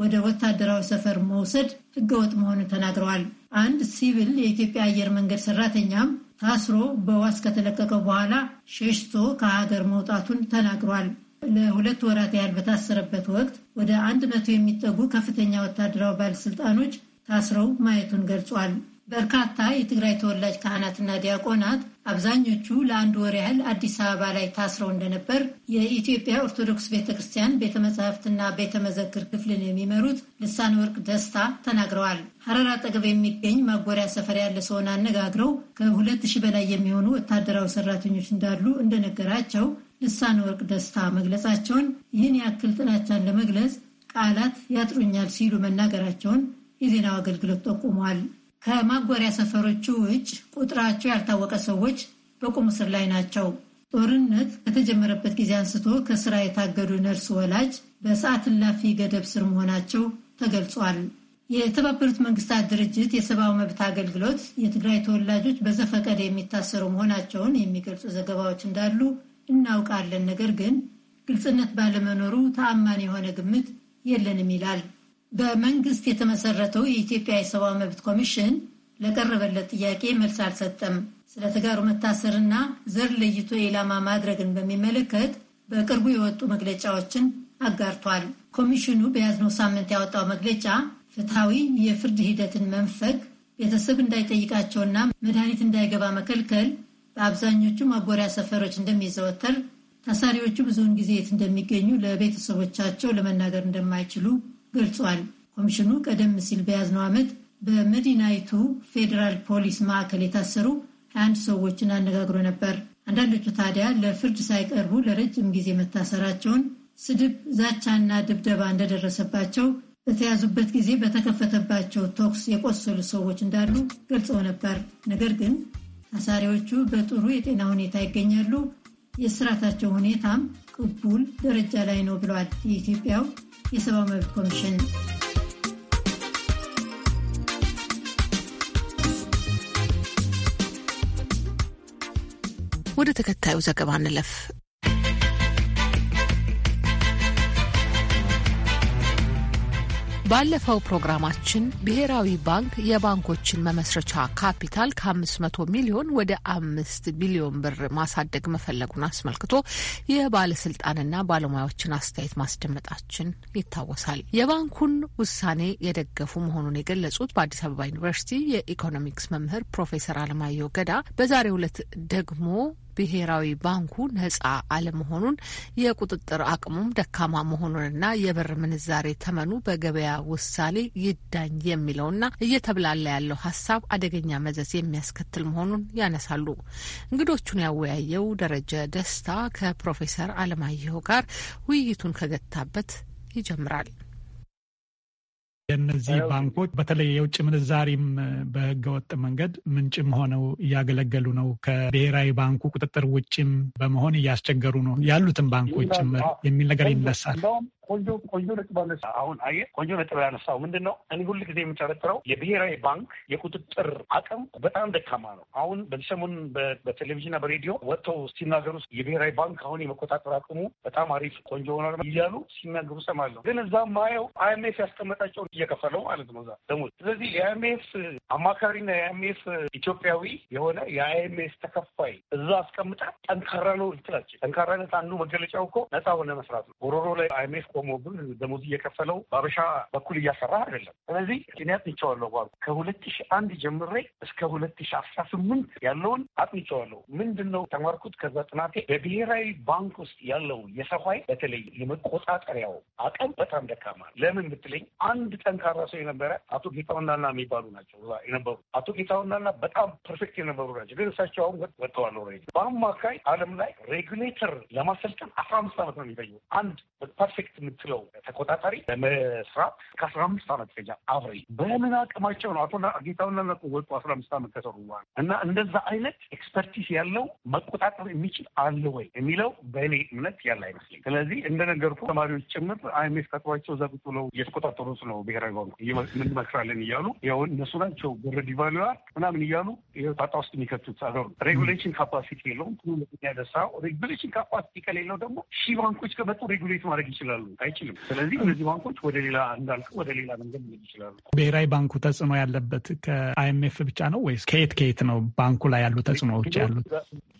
ወደ ወታደራዊ ሰፈር መውሰድ ህገወጥ መሆኑን ተናግረዋል። አንድ ሲቪል የኢትዮጵያ አየር መንገድ ሰራተኛም ታስሮ በዋስ ከተለቀቀ በኋላ ሸሽቶ ከሀገር መውጣቱን ተናግሯል። ለሁለት ወራት ያህል በታሰረበት ወቅት ወደ አንድ መቶ የሚጠጉ ከፍተኛ ወታደራዊ ባለስልጣኖች ታስረው ማየቱን ገልጿል። በርካታ የትግራይ ተወላጅ ካህናትና ዲያቆናት አብዛኞቹ ለአንድ ወር ያህል አዲስ አበባ ላይ ታስረው እንደነበር የኢትዮጵያ ኦርቶዶክስ ቤተ ክርስቲያን ቤተ መጻሕፍትና ቤተ መዘክር ክፍልን የሚመሩት ልሳን ወርቅ ደስታ ተናግረዋል። ሐረር አጠገብ የሚገኝ ማጎሪያ ሰፈር ያለ ሰውን አነጋግረው ከሁለት ሺህ በላይ የሚሆኑ ወታደራዊ ሰራተኞች እንዳሉ እንደነገራቸው ልሳን ወርቅ ደስታ መግለጻቸውን ይህን ያክል ጥላቻን ለመግለጽ ቃላት ያጥሩኛል ሲሉ መናገራቸውን የዜናው አገልግሎት ጠቁመዋል። ከማጓሪያ ሰፈሮቹ ውጭ ቁጥራቸው ያልታወቀ ሰዎች በቁም እስር ላይ ናቸው። ጦርነት ከተጀመረበት ጊዜ አንስቶ ከስራ የታገዱ ነርስ ወላጅ በሰዓት እላፊ ገደብ ስር መሆናቸው ተገልጿል። የተባበሩት መንግስታት ድርጅት የሰብአዊ መብት አገልግሎት የትግራይ ተወላጆች በዘፈቀደ የሚታሰሩ መሆናቸውን የሚገልጹ ዘገባዎች እንዳሉ እናውቃለን፣ ነገር ግን ግልጽነት ባለመኖሩ ተአማኒ የሆነ ግምት የለንም ይላል። በመንግስት የተመሰረተው የኢትዮጵያ የሰብአዊ መብት ኮሚሽን ለቀረበለት ጥያቄ መልስ አልሰጠም። ስለ ተጋሩ መታሰርና ዘር ለይቶ ኢላማ ማድረግን በሚመለከት በቅርቡ የወጡ መግለጫዎችን አጋርቷል። ኮሚሽኑ በያዝነው ሳምንት ያወጣው መግለጫ ፍትሐዊ የፍርድ ሂደትን መንፈግ፣ ቤተሰብ እንዳይጠይቃቸውና መድኃኒት እንዳይገባ መከልከል በአብዛኞቹ ማጎሪያ ሰፈሮች እንደሚዘወተር፣ ታሳሪዎቹ ብዙውን ጊዜ የት እንደሚገኙ ለቤተሰቦቻቸው ለመናገር እንደማይችሉ ገልጿል። ኮሚሽኑ ቀደም ሲል በያዝነው ዓመት በመዲናይቱ ፌዴራል ፖሊስ ማዕከል የታሰሩ 21 ሰዎችን አነጋግሮ ነበር። አንዳንዶቹ ታዲያ ለፍርድ ሳይቀርቡ ለረጅም ጊዜ መታሰራቸውን፣ ስድብ፣ ዛቻና ድብደባ እንደደረሰባቸው፣ በተያዙበት ጊዜ በተከፈተባቸው ተኩስ የቆሰሉ ሰዎች እንዳሉ ገልጸው ነበር። ነገር ግን ታሳሪዎቹ በጥሩ የጤና ሁኔታ ይገኛሉ፣ የእስራታቸው ሁኔታም ቅቡል ደረጃ ላይ ነው ብሏል የኢትዮጵያው የሰብአዊ መብት ኮሚሽን ወደ ተከታዩ ዘገባ እንለፍ። ባለፈው ፕሮግራማችን ብሔራዊ ባንክ የባንኮችን መመስረቻ ካፒታል ከ500 ሚሊዮን ወደ አምስት ቢሊዮን ብር ማሳደግ መፈለጉን አስመልክቶ የባለስልጣንና ባለሙያዎችን አስተያየት ማስደመጣችን ይታወሳል። የባንኩን ውሳኔ የደገፉ መሆኑን የገለጹት በአዲስ አበባ ዩኒቨርሲቲ የኢኮኖሚክስ መምህር ፕሮፌሰር አለማየሁ ገዳ በዛሬው ዕለት ደግሞ ብሔራዊ ባንኩ ነጻ አለመሆኑን የቁጥጥር አቅሙም ደካማ መሆኑንና የብር ምንዛሬ ተመኑ በገበያ ውሳኔ ይዳኝ የሚለውና እየተብላላ ያለው ሀሳብ አደገኛ መዘዝ የሚያስከትል መሆኑን ያነሳሉ። እንግዶቹን ያወያየው ደረጀ ደስታ ከፕሮፌሰር አለማየሁ ጋር ውይይቱን ከገታበት ይጀምራል። የእነዚህ ባንኮች በተለይ የውጭ ምንዛሪም በህገወጥ መንገድ ምንጭም ሆነው እያገለገሉ ነው። ከብሔራዊ ባንኩ ቁጥጥር ውጭም በመሆን እያስቸገሩ ነው ያሉትን ባንኮች ጭምር የሚል ነገር ይነሳል። ቆንጆ ቆንጆ ነጥብ አነሳ። አሁን አየህ ቆንጆ ነጥብ ያነሳው ምንድን ነው? እኔ ሁል ጊዜ የምጠረጥረው የብሔራዊ ባንክ የቁጥጥር አቅም በጣም ደካማ ነው። አሁን በዚህ ሰሞን በቴሌቪዥንና በሬዲዮ ወጥተው ሲናገሩ የብሔራዊ ባንክ አሁን የመቆጣጠር አቅሙ በጣም አሪፍ ቆንጆ ሆኗል እያሉ ሲናገሩ ሰማለሁ። ግን እዛ ማየው አይኤምኤፍ ያስቀመጣቸውን እየከፈለው ማለት ነው እዛ ደሞዝ። ስለዚህ የአይኤምኤፍ አማካሪና የአይኤምኤፍ ኢትዮጵያዊ የሆነ የአይኤምኤፍ ተከፋይ እዛ አስቀምጣ ጠንካራ ነው ልትላቸው። ጠንካራነት አንዱ መገለጫው እኮ ነፃ ሆነ መስራት ነው። ጎሮሮ ላይ አይኤምኤፍ ቆሞብን ደሞዝ እየከፈለው በአበሻ በኩል እያሰራ አይደለም። ስለዚህ እኔ አጥንቼዋለሁ። ከሁለት ሺ አንድ ጀምሬ እስከ ሁለት ሺ አስራ ስምንት ያለውን አጥንቼዋለሁ። ምንድን ነው ተማርኩት። ከዛ ጥናቴ በብሔራዊ ባንክ ውስጥ ያለው የሰፋይ በተለይ የመቆጣጠሪያው አቅም በጣም ደካማ። ለምን ብትለኝ አንድ ጠንካራ ሰው የነበረ አቶ ጌታውናና የሚባሉ ናቸው የነበሩ አቶ ጌታውናና በጣም ፐርፌክት የነበሩ ናቸው። ግን እሳቸው አሁን ወጥተዋል። በአማካይ ዓለም ላይ ሬጉሌተር ለማሰልጠን አስራ አምስት ዓመት ነው የሚፈጀው አንድ ፐርፌክት የምትለው ተቆጣጣሪ ለመስራት ከአስራ አምስት አመት ፈጃ አብሬ በምን አቅማቸው ነው አቶ ጌታሁን ነቁ ወጡ አስራ አምስት አመት ከሰሩ በኋላ እና እንደዛ አይነት ኤክስፐርቲስ ያለው መቆጣጠር የሚችል አለ ወይ የሚለው በእኔ እምነት ያለ አይመስለኝ። ስለዚህ እንደነገርኩ ተማሪዎች ጭምር አይምኤፍ ቀጥሯቸው እዛ ቁጭ ብለው እየተቆጣጠሩት ነው ብሔራዊ ባንኩ እንመክራለን እያሉ ያው እነሱ ናቸው ብር ዲቫሉዋር ምናምን እያሉ ጣጣ ውስጥ የሚከቱት አገሩ ሬጉሌሽን ካፓሲቲ የለውም ያደሳው ሬጉሌሽን ካፓሲቲ ከሌለው ደግሞ ሺህ ባንኮች ከመጡ ሬጉሌት ማድረግ ይችላሉ አይችልም። ስለዚህ እነዚህ ባንኮች ወደ ሌላ እንዳልከው ወደ ሌላ መንገድ ሊሄድ ይችላሉ። ብሔራዊ ባንኩ ተጽዕኖ ያለበት ከአይኤምኤፍ ብቻ ነው ወይስ ከየት ከየት ነው ባንኩ ላይ ያሉ ተጽዕኖዎች ያሉት?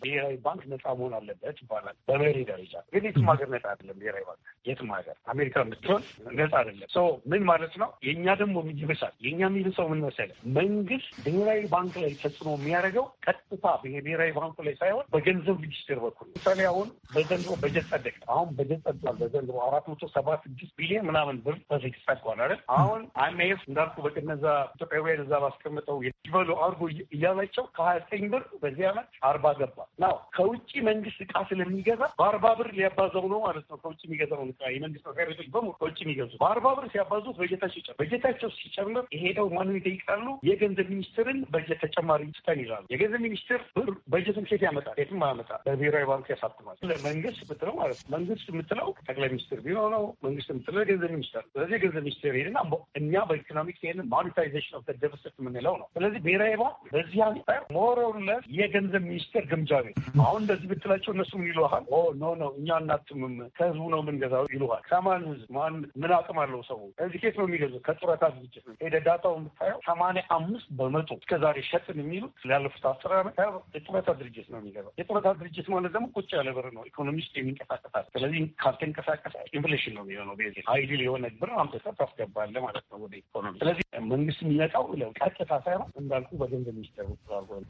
ብሔራዊ ባንክ ነጻ መሆን አለበት ይባላል በመሪ ደረጃ ግን የትም ሀገር ነጻ አይደለም። ብሔራዊ ባንክ የትም ሀገር አሜሪካ የምትሆን ነጻ አይደለም። ሰው ምን ማለት ነው? የእኛ ደግሞ ይመሳል የእኛ የሚብሰው ምን መሰለህ? መንግስት ብሔራዊ ባንክ ላይ ተጽዕኖ የሚያደርገው ቀጥታ ብሔራዊ ባንኩ ላይ ሳይሆን በገንዘብ ሚኒስቴር በኩል ምሳሌ አሁን በዘንድሮ በጀት ጸደቀ። አሁን በጀት ጸድቋል። በዘንድሮ አራት መቶ ሰባ ስድስት ቢሊዮን ምናምን ብር በፊት ሰጥቷል አይደል? አሁን አይምኤፍ እንዳልኩ በቅነዛ ኢትዮጵያውያን እዛ ባስቀምጠው ይበሉ አርጎ እያመቸው ከሀያ ዘጠኝ ብር በዚህ አመት አርባ ገባ ናው ከውጭ መንግስት እቃ ስለሚገዛ በአርባ ብር ሊያባዘው ነው ማለት ነው። ከውጭ የሚገዛው እቃ የመንግስት መስሪያ ቤቶች በሙሉ ከውጭ የሚገዙ በአርባ ብር ሲያባዙ በጀታቸው ይጨምር በጀታቸው ሲጨምር የሄደው ማን ይጠይቃሉ? የገንዘብ ሚኒስትርን በጀት ተጨማሪ ስጠን ይላሉ። የገንዘብ ሚኒስትር ብር በጀትም ሴት ያመጣል የትም አያመጣል። በብሔራዊ ባንክ ያሳትማል። መንግስት ምትለው ማለት ነው። መንግስት የምትለው ጠቅላይ ሚኒስትር ቢሮ ነው። መንግስትም ትልቅ ገንዘብ ሚኒስተር ስለዚህ ገንዘብ ሚኒስቴር ሄድና እኛ በኢኮኖሚክስ ይሄንን ማኒታይዜሽን ኦፍ ደፍስት የምንለው ነው። ስለዚህ ብሔራዊ ባንክ በዚህ አንጻር ሞሮርለስ የገንዘብ ሚኒስቴር ግምጃ ቤት አሁን እንደዚህ ብትላቸው እነሱ ምን ይሉሃል ኖ ኖ እኛ እናትምም ከህዝቡ ነው ምንገዛው ይሉሃል። ከማን ህዝብ ማን ምን አቅም አለው ሰው እዚህ ኬት ነው የሚገዙ ከጡረታ ዝግጅት ነው ሄደ ዳታው የምታየው ሰማንያ አምስት በመቶ እስከዛሬ ሸጥን የሚሉት ያለፉት አስር ዓመት የጡረታ ድርጅት ነው የሚገባው። የጡረታ ድርጅት ማለት ደግሞ ቁጭ ያለ ብር ነው ኢኮኖሚስት የሚንቀሳቀሳል። ስለዚህ ካልተንቀሳቀሰ ኢንፍሌሽን ኢንፍሌሽን ነው የሚሆነው። ቤዚ ሀይል የሆነ ብር አምጥተህ ታስገባለህ ማለት ነው ወደ ኢኮኖሚ። ስለዚህ መንግስት የሚመጣው ቀጥታ ሳይሆን እንዳልኩ በገንዘብ ሚኒስቴር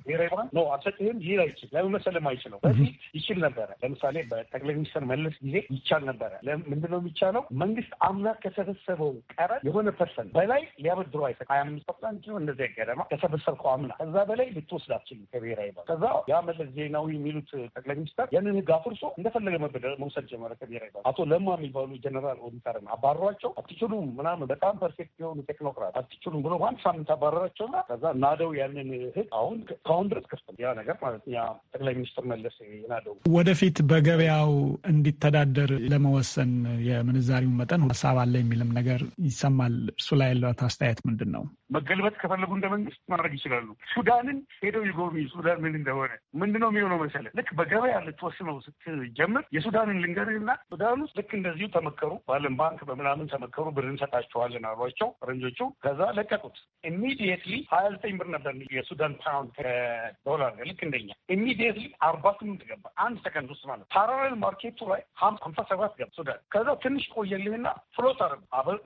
ብሔራዊ ባንክ ነው አልሰጥህም ሊል አይችል። ለመመሰልም አይችለው። በፊት ይችል ነበረ። ለምሳሌ በጠቅላይ ሚኒስትር መለስ ጊዜ ይቻል ነበረ። ምንድነው የሚቻለው? መንግስት አምና ከሰበሰበው ቀረጥ የሆነ ፐርሰንት በላይ ሊያበድሩ አይሰ ሀያ አምስት ፐርሰንት ነው እንደዚህ ገደማ ከሰበሰብከው አምና ከዛ በላይ ልትወስድ አትችልም ከብሔራዊ ባንክ። ከዛ ያ መለስ ዜናዊ የሚሉት ጠቅላይ ሚኒስትር ያንን ህግ አፍርሶ እንደፈለገ መበደር መውሰድ ጀመረ ከብሔራዊ ባንክ። አቶ ለማ የሚባሉ ጀነራል ኦዲተርን አባረሯቸው። አትችሉም ምናምን በጣም ፐርፌክት የሆኑ ቴክኖክራት አትችሉም ብሎ ዋን ሳምንት አባረሯቸውና ከዛ ናደው ያንን ህግ አሁን ከአሁን ድረስ ክፍት ያ ነገር ማለት ያ ጠቅላይ ሚኒስትር መለስ ናደው ወደፊት በገበያው እንዲተዳደር ለመወሰን የምንዛሪውን መጠን ሀሳብ አለ የሚልም ነገር ይሰማል። እሱ ላይ ያለት አስተያየት ምንድን ነው? መገልበጥ ከፈለጉ እንደ መንግስት ማድረግ ይችላሉ። ሱዳንን ሄደው ይጎብኝ። ሱዳን ምን እንደሆነ ምንድነው የሚሆነው መሰለ ልክ በገበያ ልትወስነው ስትጀምር የሱዳንን ልንገርህና ሱዳን ውስጥ ልክ እንደዚሁ ተመ ተመከሩ፣ በዓለም ባንክ በምናምን ተመከሩ፣ ብር እንሰጣቸዋለን አሏቸው ፈረንጆቹ። ከዛ ለቀቁት። ኢሚዲየትሊ ሀያ ዘጠኝ ብር ነበር የሱዳን ፓውንድ ከዶላር ልክ እንደኛ። ኢሚዲየትሊ አርባ ስምንት ገባ፣ አንድ ሰከንድ ውስጥ ማለት ፓራሌል ማርኬቱ ላይ ሀምሳ ሰባት ገባ ሱዳን። ከዛ ትንሽ ቆየልህና ፍሎት አረ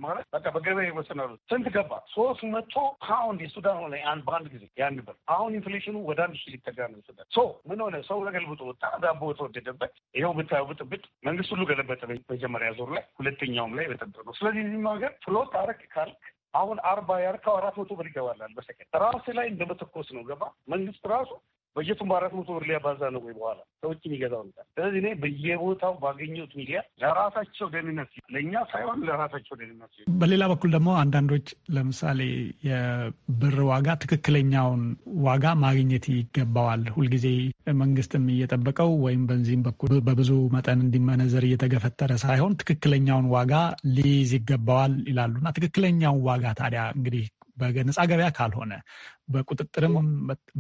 ማለት በቃ በገበያ ይወሰናሉ። ስንት ገባ? ሶስት መቶ ፓውንድ የሱዳን ሆነ በአንድ ጊዜ ያን ብር። አሁን ኢንፍሌሽኑ ወደ አንድ ሺ ሊጠጋ ነው ሱዳን። ሶ ምን ሆነ? ሰው ለገልብጦ ወጣ። ዳቦ ተወደደበት። ይኸው ብታየው ብጥብጥ መንግስት ሁሉ ገለበጠ መጀመሪያ ዞር ላይ ሁለተኛውም ላይ ነው። ስለዚህ እዚህም ሀገር ፍሎት አረክ ካልክ አሁን አርባ ያርከው አራት መቶ ብር ይገባላል በሰከንድ ራስ ላይ እንደመተኮስ ነው ገባ መንግስት ራሱ በጀቱን በአራት መቶ ብር ሊያባዛ ነው ወይ በኋላ ሰዎች የሚገዛው ነበር። ስለዚህ እኔ በየቦታው ባገኘሁት ሚዲያ ለራሳቸው ደህንነት ለእኛ ሳይሆን ለራሳቸው ደህንነት። በሌላ በኩል ደግሞ አንዳንዶች ለምሳሌ የብር ዋጋ ትክክለኛውን ዋጋ ማግኘት ይገባዋል፣ ሁልጊዜ መንግስትም እየጠበቀው ወይም በዚህም በኩል በብዙ መጠን እንዲመነዘር እየተገፈተረ ሳይሆን ትክክለኛውን ዋጋ ሊይዝ ይገባዋል ይላሉ እና ትክክለኛውን ዋጋ ታዲያ እንግዲህ በነጻ ገበያ ካልሆነ በቁጥጥርም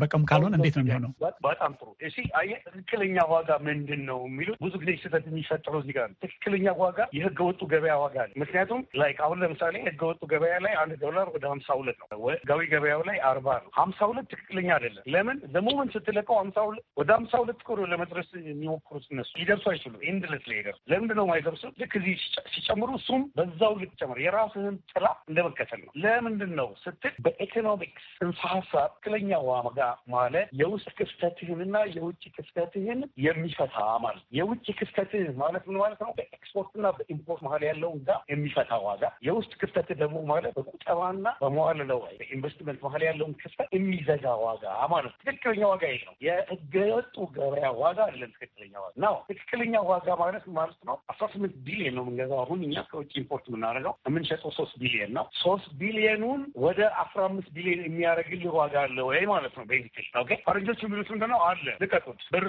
በቀም ካልሆነ እንዴት ነው የሚሆነው? በጣም ጥሩ እሺ። አየህ ትክክለኛ ዋጋ ምንድን ነው የሚሉት ብዙ ጊዜ ስህተት የሚፈጠረው እዚህ ጋር ትክክለኛ ዋጋ የህገ ወጡ ገበያ ዋጋ ነው። ምክንያቱም ላይክ አሁን ለምሳሌ ህገ ወጡ ገበያ ላይ አንድ ዶላር ወደ ሀምሳ ሁለት ነው፣ ህጋዊ ገበያው ላይ አርባ ነው። ሀምሳ ሁለት ትክክለኛ አይደለም። ለምን ለሞመንት ስትለቀው ሀምሳ ሁለት ወደ ሀምሳ ሁለት ቅር ለመድረስ የሚሞክሩት እነሱ ሊደርሱ አይችሉ ኢንድለስ ላይ ይደርሱ። ለምንድን ነው ማይደርሱ? ልክ እዚህ ሲጨምሩ እሱም በዛው ልክ ጨምር፣ የራስህን ጥላ እንደመከተል ነው። ለምንድን ነው ስትል በኢኮኖሚክስ ንሳ ሀሳብ ትክክለኛው ዋጋ ማለት የውስጥ ክፍተትህንና የውጭ ክፍተትህን የሚፈታ ማለት የውጭ ክፍተትህ ማለት ምን ማለት ነው? በኤክስፖርትና በኢምፖርት መሀል ያለውን ጋር የሚፈታ ዋጋ። የውስጥ ክፍተት ደግሞ ማለት በቁጠባና በመዋለ ንዋይ በኢንቨስትመንት መሀል ያለውን ክፍተት የሚዘጋ ዋጋ ማለት ትክክለኛ ዋጋ ይሄ ነው። የህገወጡ ገበያ ዋጋ አለን ትክክለኛ ዋጋ ነው። ትክክለኛ ዋጋ ማለት ማለት ነው አስራ ስምንት ቢሊየን ነው የምንገዛው አሁን እኛ ከውጭ ኢምፖርት የምናደርገው የምንሸጠው ሶስት ቢሊየን ነው። ሶስት ቢሊየኑን ወደ አስራ አምስት ቢሊየን የሚያደርግል ይሄ ዋጋ አለ ወይ ማለት ነው። ቤዚክሽ ኦኬ። ፈረንጆች የሚሉት ምንድን ነው አለ ልቀጡት ብር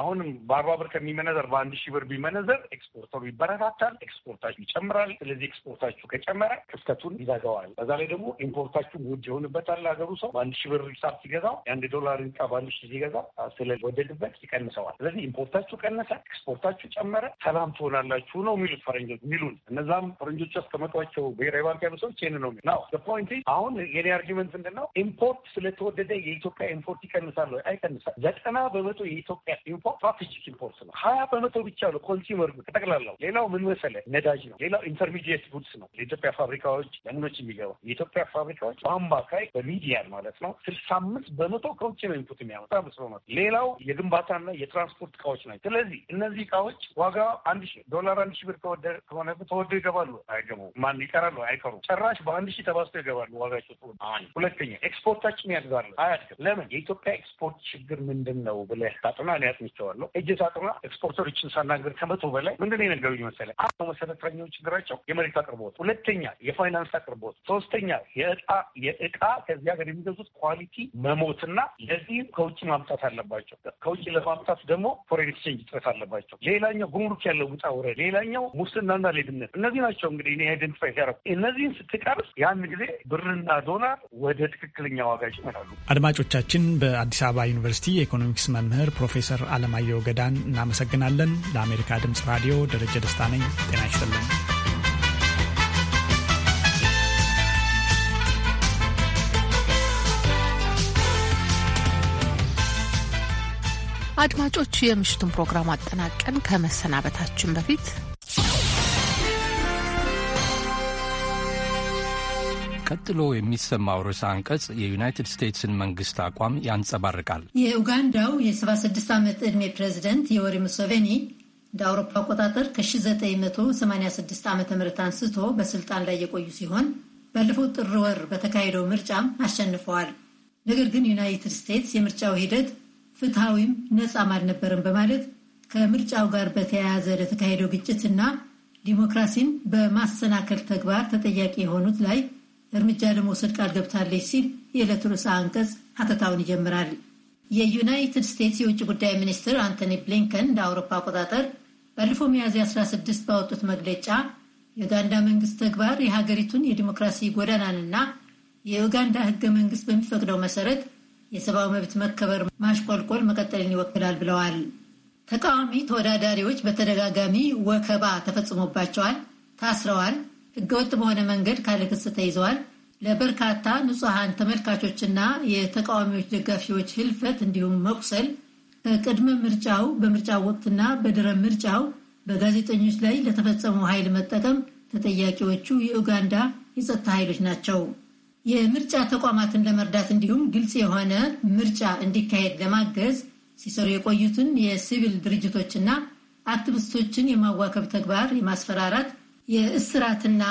አሁንም በአርባ ብር ከሚመነዘር በአንድ ሺህ ብር ቢመነዘር ኤክስፖርተሩ ይበረታታል፣ ኤክስፖርታችሁ ይጨምራል። ስለዚህ ኤክስፖርታችሁ ከጨመረ ክፍተቱን ይዘጋዋል። በዛ ላይ ደግሞ ኢምፖርታችሁ ውድ ይሆንበታል። ሀገሩ ሰው በአንድ ሺህ ብር ሂሳብ ሲገዛው የአንድ ዶላር ዕቃ በአንድ ሺህ ሲገዛ ስለወደድበት ይቀንሰዋል። ስለዚህ ኢምፖርታችሁ ቀነሰ፣ ኤክስፖርታችሁ ጨመረ፣ ሰላም ትሆናላችሁ ነው የሚሉት ፈረንጆች የሚሉን እነዛም ፈረንጆች ያስቀመጧቸው ብሔራዊ ባንክ ያሉ ሰዎች ይህን ነው የሚሉ ናው ፖይንት። አሁን የኔ አርጊመንት ምንድን ነው ኢምፖርት ስለተወደደ የኢትዮጵያ ኢምፖርት ይቀንሳል ወይ? አይቀንሳል። ዘጠና በመቶ የኢትዮጵያ ኢምፖርት ስትራቴጂክ ኢምፖርት ነው። ሀያ በመቶ ብቻ ነው ኮንሱመር ጠቅላላው። ሌላው ምን መሰለ ነዳጅ ነው። ሌላው ኢንተርሚዲየት ጉድስ ነው። ለኢትዮጵያ ፋብሪካዎች ለምኖች የሚገባ የኢትዮጵያ ፋብሪካዎች በአምባካይ በሚዲያን ማለት ነው ስልሳ አምስት በመቶ ከውጭ ነው ኢንፑት የሚያመጣ መስሎናል። ሌላው የግንባታና የትራንስፖርት እቃዎች ናቸው። ስለዚህ እነዚህ እቃዎች ዋጋ አንድ ሺ ዶላር አንድ ሺ ብር ከሆነ ተወደ ይገባሉ አይገቡ ማን ይቀራሉ አይቀሩ ጭራሽ በአንድ ሺ ተባዝተው ይገባሉ ዋጋቸው ሁለተኛ ኤክስፖርታችን ያድጋል አያድግም? ለምን? የኢትዮጵያ ኤክስፖርት ችግር ምንድን ነው ብለህ ታጥና እኔ አጥንቼዋለሁ። እጅ ታጥና ኤክስፖርተሮችን ሳናገር ከመቶ በላይ ምንድን ነው የነገሩኝ መሰለህ? አንዱ መሰረተኛው ችግራቸው የመሬት አቅርቦት፣ ሁለተኛ የፋይናንስ አቅርቦት፣ ሶስተኛ የእጣ የእቃ ከዚህ ሀገር የሚገዙት ኳሊቲ መሞትና ለዚህም ከውጭ ማምጣት አለባቸው። ከውጭ ለማምጣት ደግሞ ፎሬን ኤክስቼንጅ ጥረት አለባቸው። ሌላኛው ጉምሩክ ያለው ውጣ ውረድ፣ ሌላኛው ሙስናና ሌብነት። እነዚህ ናቸው እንግዲህ እኔ አይደንቲፋይ ሲያረኩ እነዚህን ስትቀርስ ያን ጊዜ ብርና ዶላር ወደ ትክክለኛ ከፍተኛ ዋጋ ይጨምራሉ። አድማጮቻችን፣ በአዲስ አበባ ዩኒቨርሲቲ የኢኮኖሚክስ መምህር ፕሮፌሰር አለማየሁ ገዳን እናመሰግናለን። ለአሜሪካ ድምጽ ራዲዮ ደረጀ ደስታ ነኝ። ጤና ይስጥልን። አድማጮች፣ የምሽቱን ፕሮግራም አጠናቀን ከመሰናበታችን በፊት ቀጥሎ የሚሰማው ርዕሰ አንቀጽ የዩናይትድ ስቴትስን መንግስት አቋም ያንጸባርቃል። የኡጋንዳው የ76 ዓመት ዕድሜ ፕሬዚደንት ዮዌሪ ሙሴቬኒ እንደ አውሮፓ አቆጣጠር ከ1986 ዓ ም አንስቶ በስልጣን ላይ የቆዩ ሲሆን ባለፈው ጥር ወር በተካሄደው ምርጫም አሸንፈዋል። ነገር ግን ዩናይትድ ስቴትስ የምርጫው ሂደት ፍትሐዊም ነፃም አልነበረም በማለት ከምርጫው ጋር በተያያዘ ለተካሄደው ግጭትና ዲሞክራሲን በማሰናከል ተግባር ተጠያቂ የሆኑት ላይ እርምጃ ለመውሰድ ቃል ገብታለች ሲል የዕለቱ ርዕሰ አንቀጽ ሀተታውን ይጀምራል። የዩናይትድ ስቴትስ የውጭ ጉዳይ ሚኒስትር አንቶኒ ብሊንከን እንደ አውሮፓ አቆጣጠር ባለፈው ሚያዝያ 16 ባወጡት መግለጫ የኡጋንዳ መንግስት ተግባር የሀገሪቱን የዲሞክራሲ ጎዳናንና የኡጋንዳ ህገ መንግስት በሚፈቅደው መሰረት የሰብአዊ መብት መከበር ማሽቆልቆል መቀጠልን ይወክላል ብለዋል። ተቃዋሚ ተወዳዳሪዎች በተደጋጋሚ ወከባ ተፈጽሞባቸዋል፣ ታስረዋል፣ ህገወጥ በሆነ መንገድ ካለክስ ተይዘዋል። ለበርካታ ንጹሐን ተመልካቾችና የተቃዋሚዎች ደጋፊዎች ህልፈት እንዲሁም መቁሰል በቅድመ ምርጫው በምርጫው ወቅትና በድረ ምርጫው በጋዜጠኞች ላይ ለተፈጸመው ኃይል መጠቀም ተጠያቂዎቹ የኡጋንዳ የጸጥታ ኃይሎች ናቸው። የምርጫ ተቋማትን ለመርዳት እንዲሁም ግልጽ የሆነ ምርጫ እንዲካሄድ ለማገዝ ሲሰሩ የቆዩትን የሲቪል ድርጅቶችና አክቲቪስቶችን የማዋከብ ተግባር የማስፈራራት የእስራትና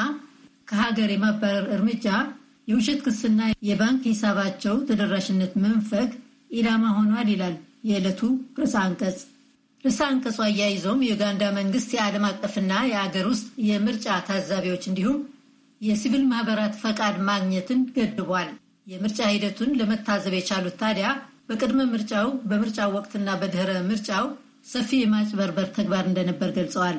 ከሀገር የማባረር እርምጃ፣ የውሸት ክስና የባንክ ሂሳባቸው ተደራሽነት መንፈግ ኢላማ ሆኗል ይላል የዕለቱ ርዕሰ አንቀጽ። ርዕሰ አንቀጹ አያይዞም የዩጋንዳ መንግስት የዓለም አቀፍና የአገር ውስጥ የምርጫ ታዛቢዎች እንዲሁም የሲቪል ማህበራት ፈቃድ ማግኘትን ገድቧል። የምርጫ ሂደቱን ለመታዘብ የቻሉት ታዲያ በቅድመ ምርጫው፣ በምርጫው ወቅትና በድህረ ምርጫው ሰፊ የማጭበርበር ተግባር እንደነበር ገልጸዋል።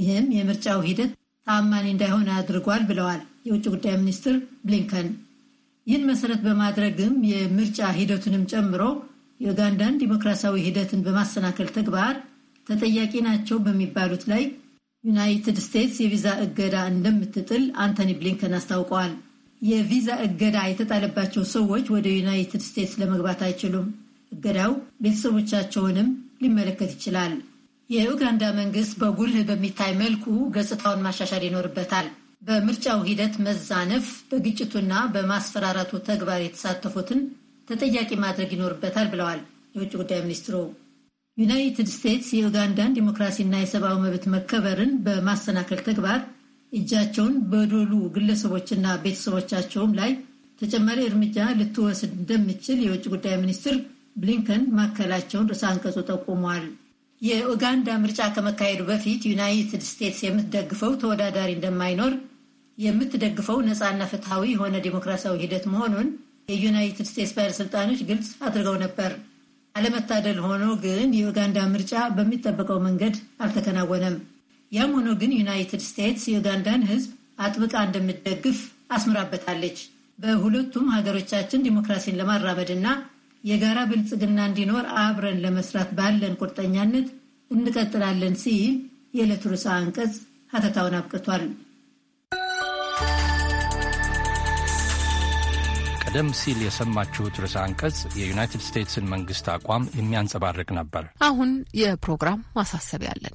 ይህም የምርጫው ሂደት ተአማኒ እንዳይሆን አድርጓል ብለዋል የውጭ ጉዳይ ሚኒስትር ብሊንከን። ይህን መሰረት በማድረግም የምርጫ ሂደቱንም ጨምሮ የኡጋንዳን ዲሞክራሲያዊ ሂደትን በማሰናከል ተግባር ተጠያቂ ናቸው በሚባሉት ላይ ዩናይትድ ስቴትስ የቪዛ እገዳ እንደምትጥል አንቶኒ ብሊንከን አስታውቀዋል። የቪዛ እገዳ የተጣለባቸው ሰዎች ወደ ዩናይትድ ስቴትስ ለመግባት አይችሉም። እገዳው ቤተሰቦቻቸውንም ሊመለከት ይችላል። የኡጋንዳ መንግስት በጉልህ በሚታይ መልኩ ገጽታውን ማሻሻል ይኖርበታል። በምርጫው ሂደት መዛነፍ፣ በግጭቱና በማስፈራራቱ ተግባር የተሳተፉትን ተጠያቂ ማድረግ ይኖርበታል ብለዋል የውጭ ጉዳይ ሚኒስትሩ። ዩናይትድ ስቴትስ የኡጋንዳን ዲሞክራሲና የሰብአዊ መብት መከበርን በማሰናከል ተግባር እጃቸውን በዶሉ ግለሰቦችና ቤተሰቦቻቸውም ላይ ተጨማሪ እርምጃ ልትወስድ እንደምችል የውጭ ጉዳይ ሚኒስትር ብሊንከን ማከላቸውን ርዕሰ አንቀጹ ጠቁሟል። የኡጋንዳ ምርጫ ከመካሄዱ በፊት ዩናይትድ ስቴትስ የምትደግፈው ተወዳዳሪ እንደማይኖር የምትደግፈው ነፃና ፍትሐዊ የሆነ ዴሞክራሲያዊ ሂደት መሆኑን የዩናይትድ ስቴትስ ባለሥልጣኖች ግልጽ አድርገው ነበር። አለመታደል ሆኖ ግን የኡጋንዳ ምርጫ በሚጠበቀው መንገድ አልተከናወነም። ያም ሆኖ ግን ዩናይትድ ስቴትስ የኡጋንዳን ሕዝብ አጥብቃ እንደምትደግፍ አስምራበታለች። በሁለቱም ሀገሮቻችን ዲሞክራሲን ለማራመድ እና የጋራ ብልጽግና እንዲኖር አብረን ለመስራት ባለን ቁርጠኛነት እንቀጥላለን ሲል የዕለቱ ርዕሰ አንቀጽ ሀተታውን አብቅቷል። ቀደም ሲል የሰማችሁት ርዕሰ አንቀጽ የዩናይትድ ስቴትስን መንግስት አቋም የሚያንጸባርቅ ነበር። አሁን የፕሮግራም ማሳሰቢያ አለን።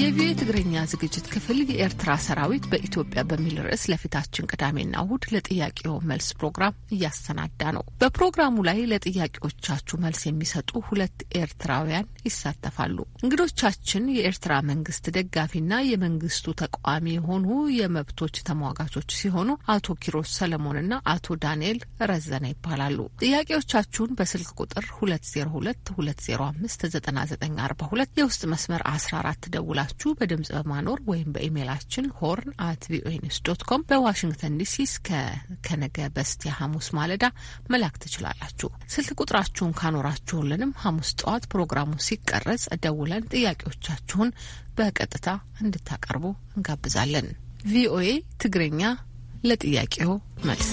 የቪኦኤ ትግርኛ ዝግጅት ክፍል የኤርትራ ሰራዊት በኢትዮጵያ በሚል ርዕስ ለፊታችን ቅዳሜና እሁድ ለጥያቄው መልስ ፕሮግራም እያሰናዳ ነው። በፕሮግራሙ ላይ ለጥያቄዎቻችሁ መልስ የሚሰጡ ሁለት ኤርትራውያን ይሳተፋሉ። እንግዶቻችን የኤርትራ መንግስት ደጋፊና የመንግስቱ ተቃዋሚ የሆኑ የመብቶች ተሟጋቾች ሲሆኑ አቶ ኪሮስ ሰለሞንና አቶ ዳንኤል ረዘነ ይባላሉ። ጥያቄዎቻችሁን በስልክ ቁጥር 2022059942 የውስጥ መስመር 14 ደውላ ካላችሁ በድምጽ በማኖር ወይም በኢሜይላችን ሆርን አት ቪኦኤ ኒውስ ዶት ኮም በዋሽንግተን ዲሲ እስከ ከነገ በስቲያ ሐሙስ ማለዳ መላክ ትችላላችሁ። ስልክ ቁጥራችሁን ካኖራችሁልንም ሐሙስ ጠዋት ፕሮግራሙ ሲቀረጽ ደውለን ጥያቄዎቻችሁን በቀጥታ እንድታቀርቡ እንጋብዛለን። ቪኦኤ ትግርኛ ለጥያቄው መልስ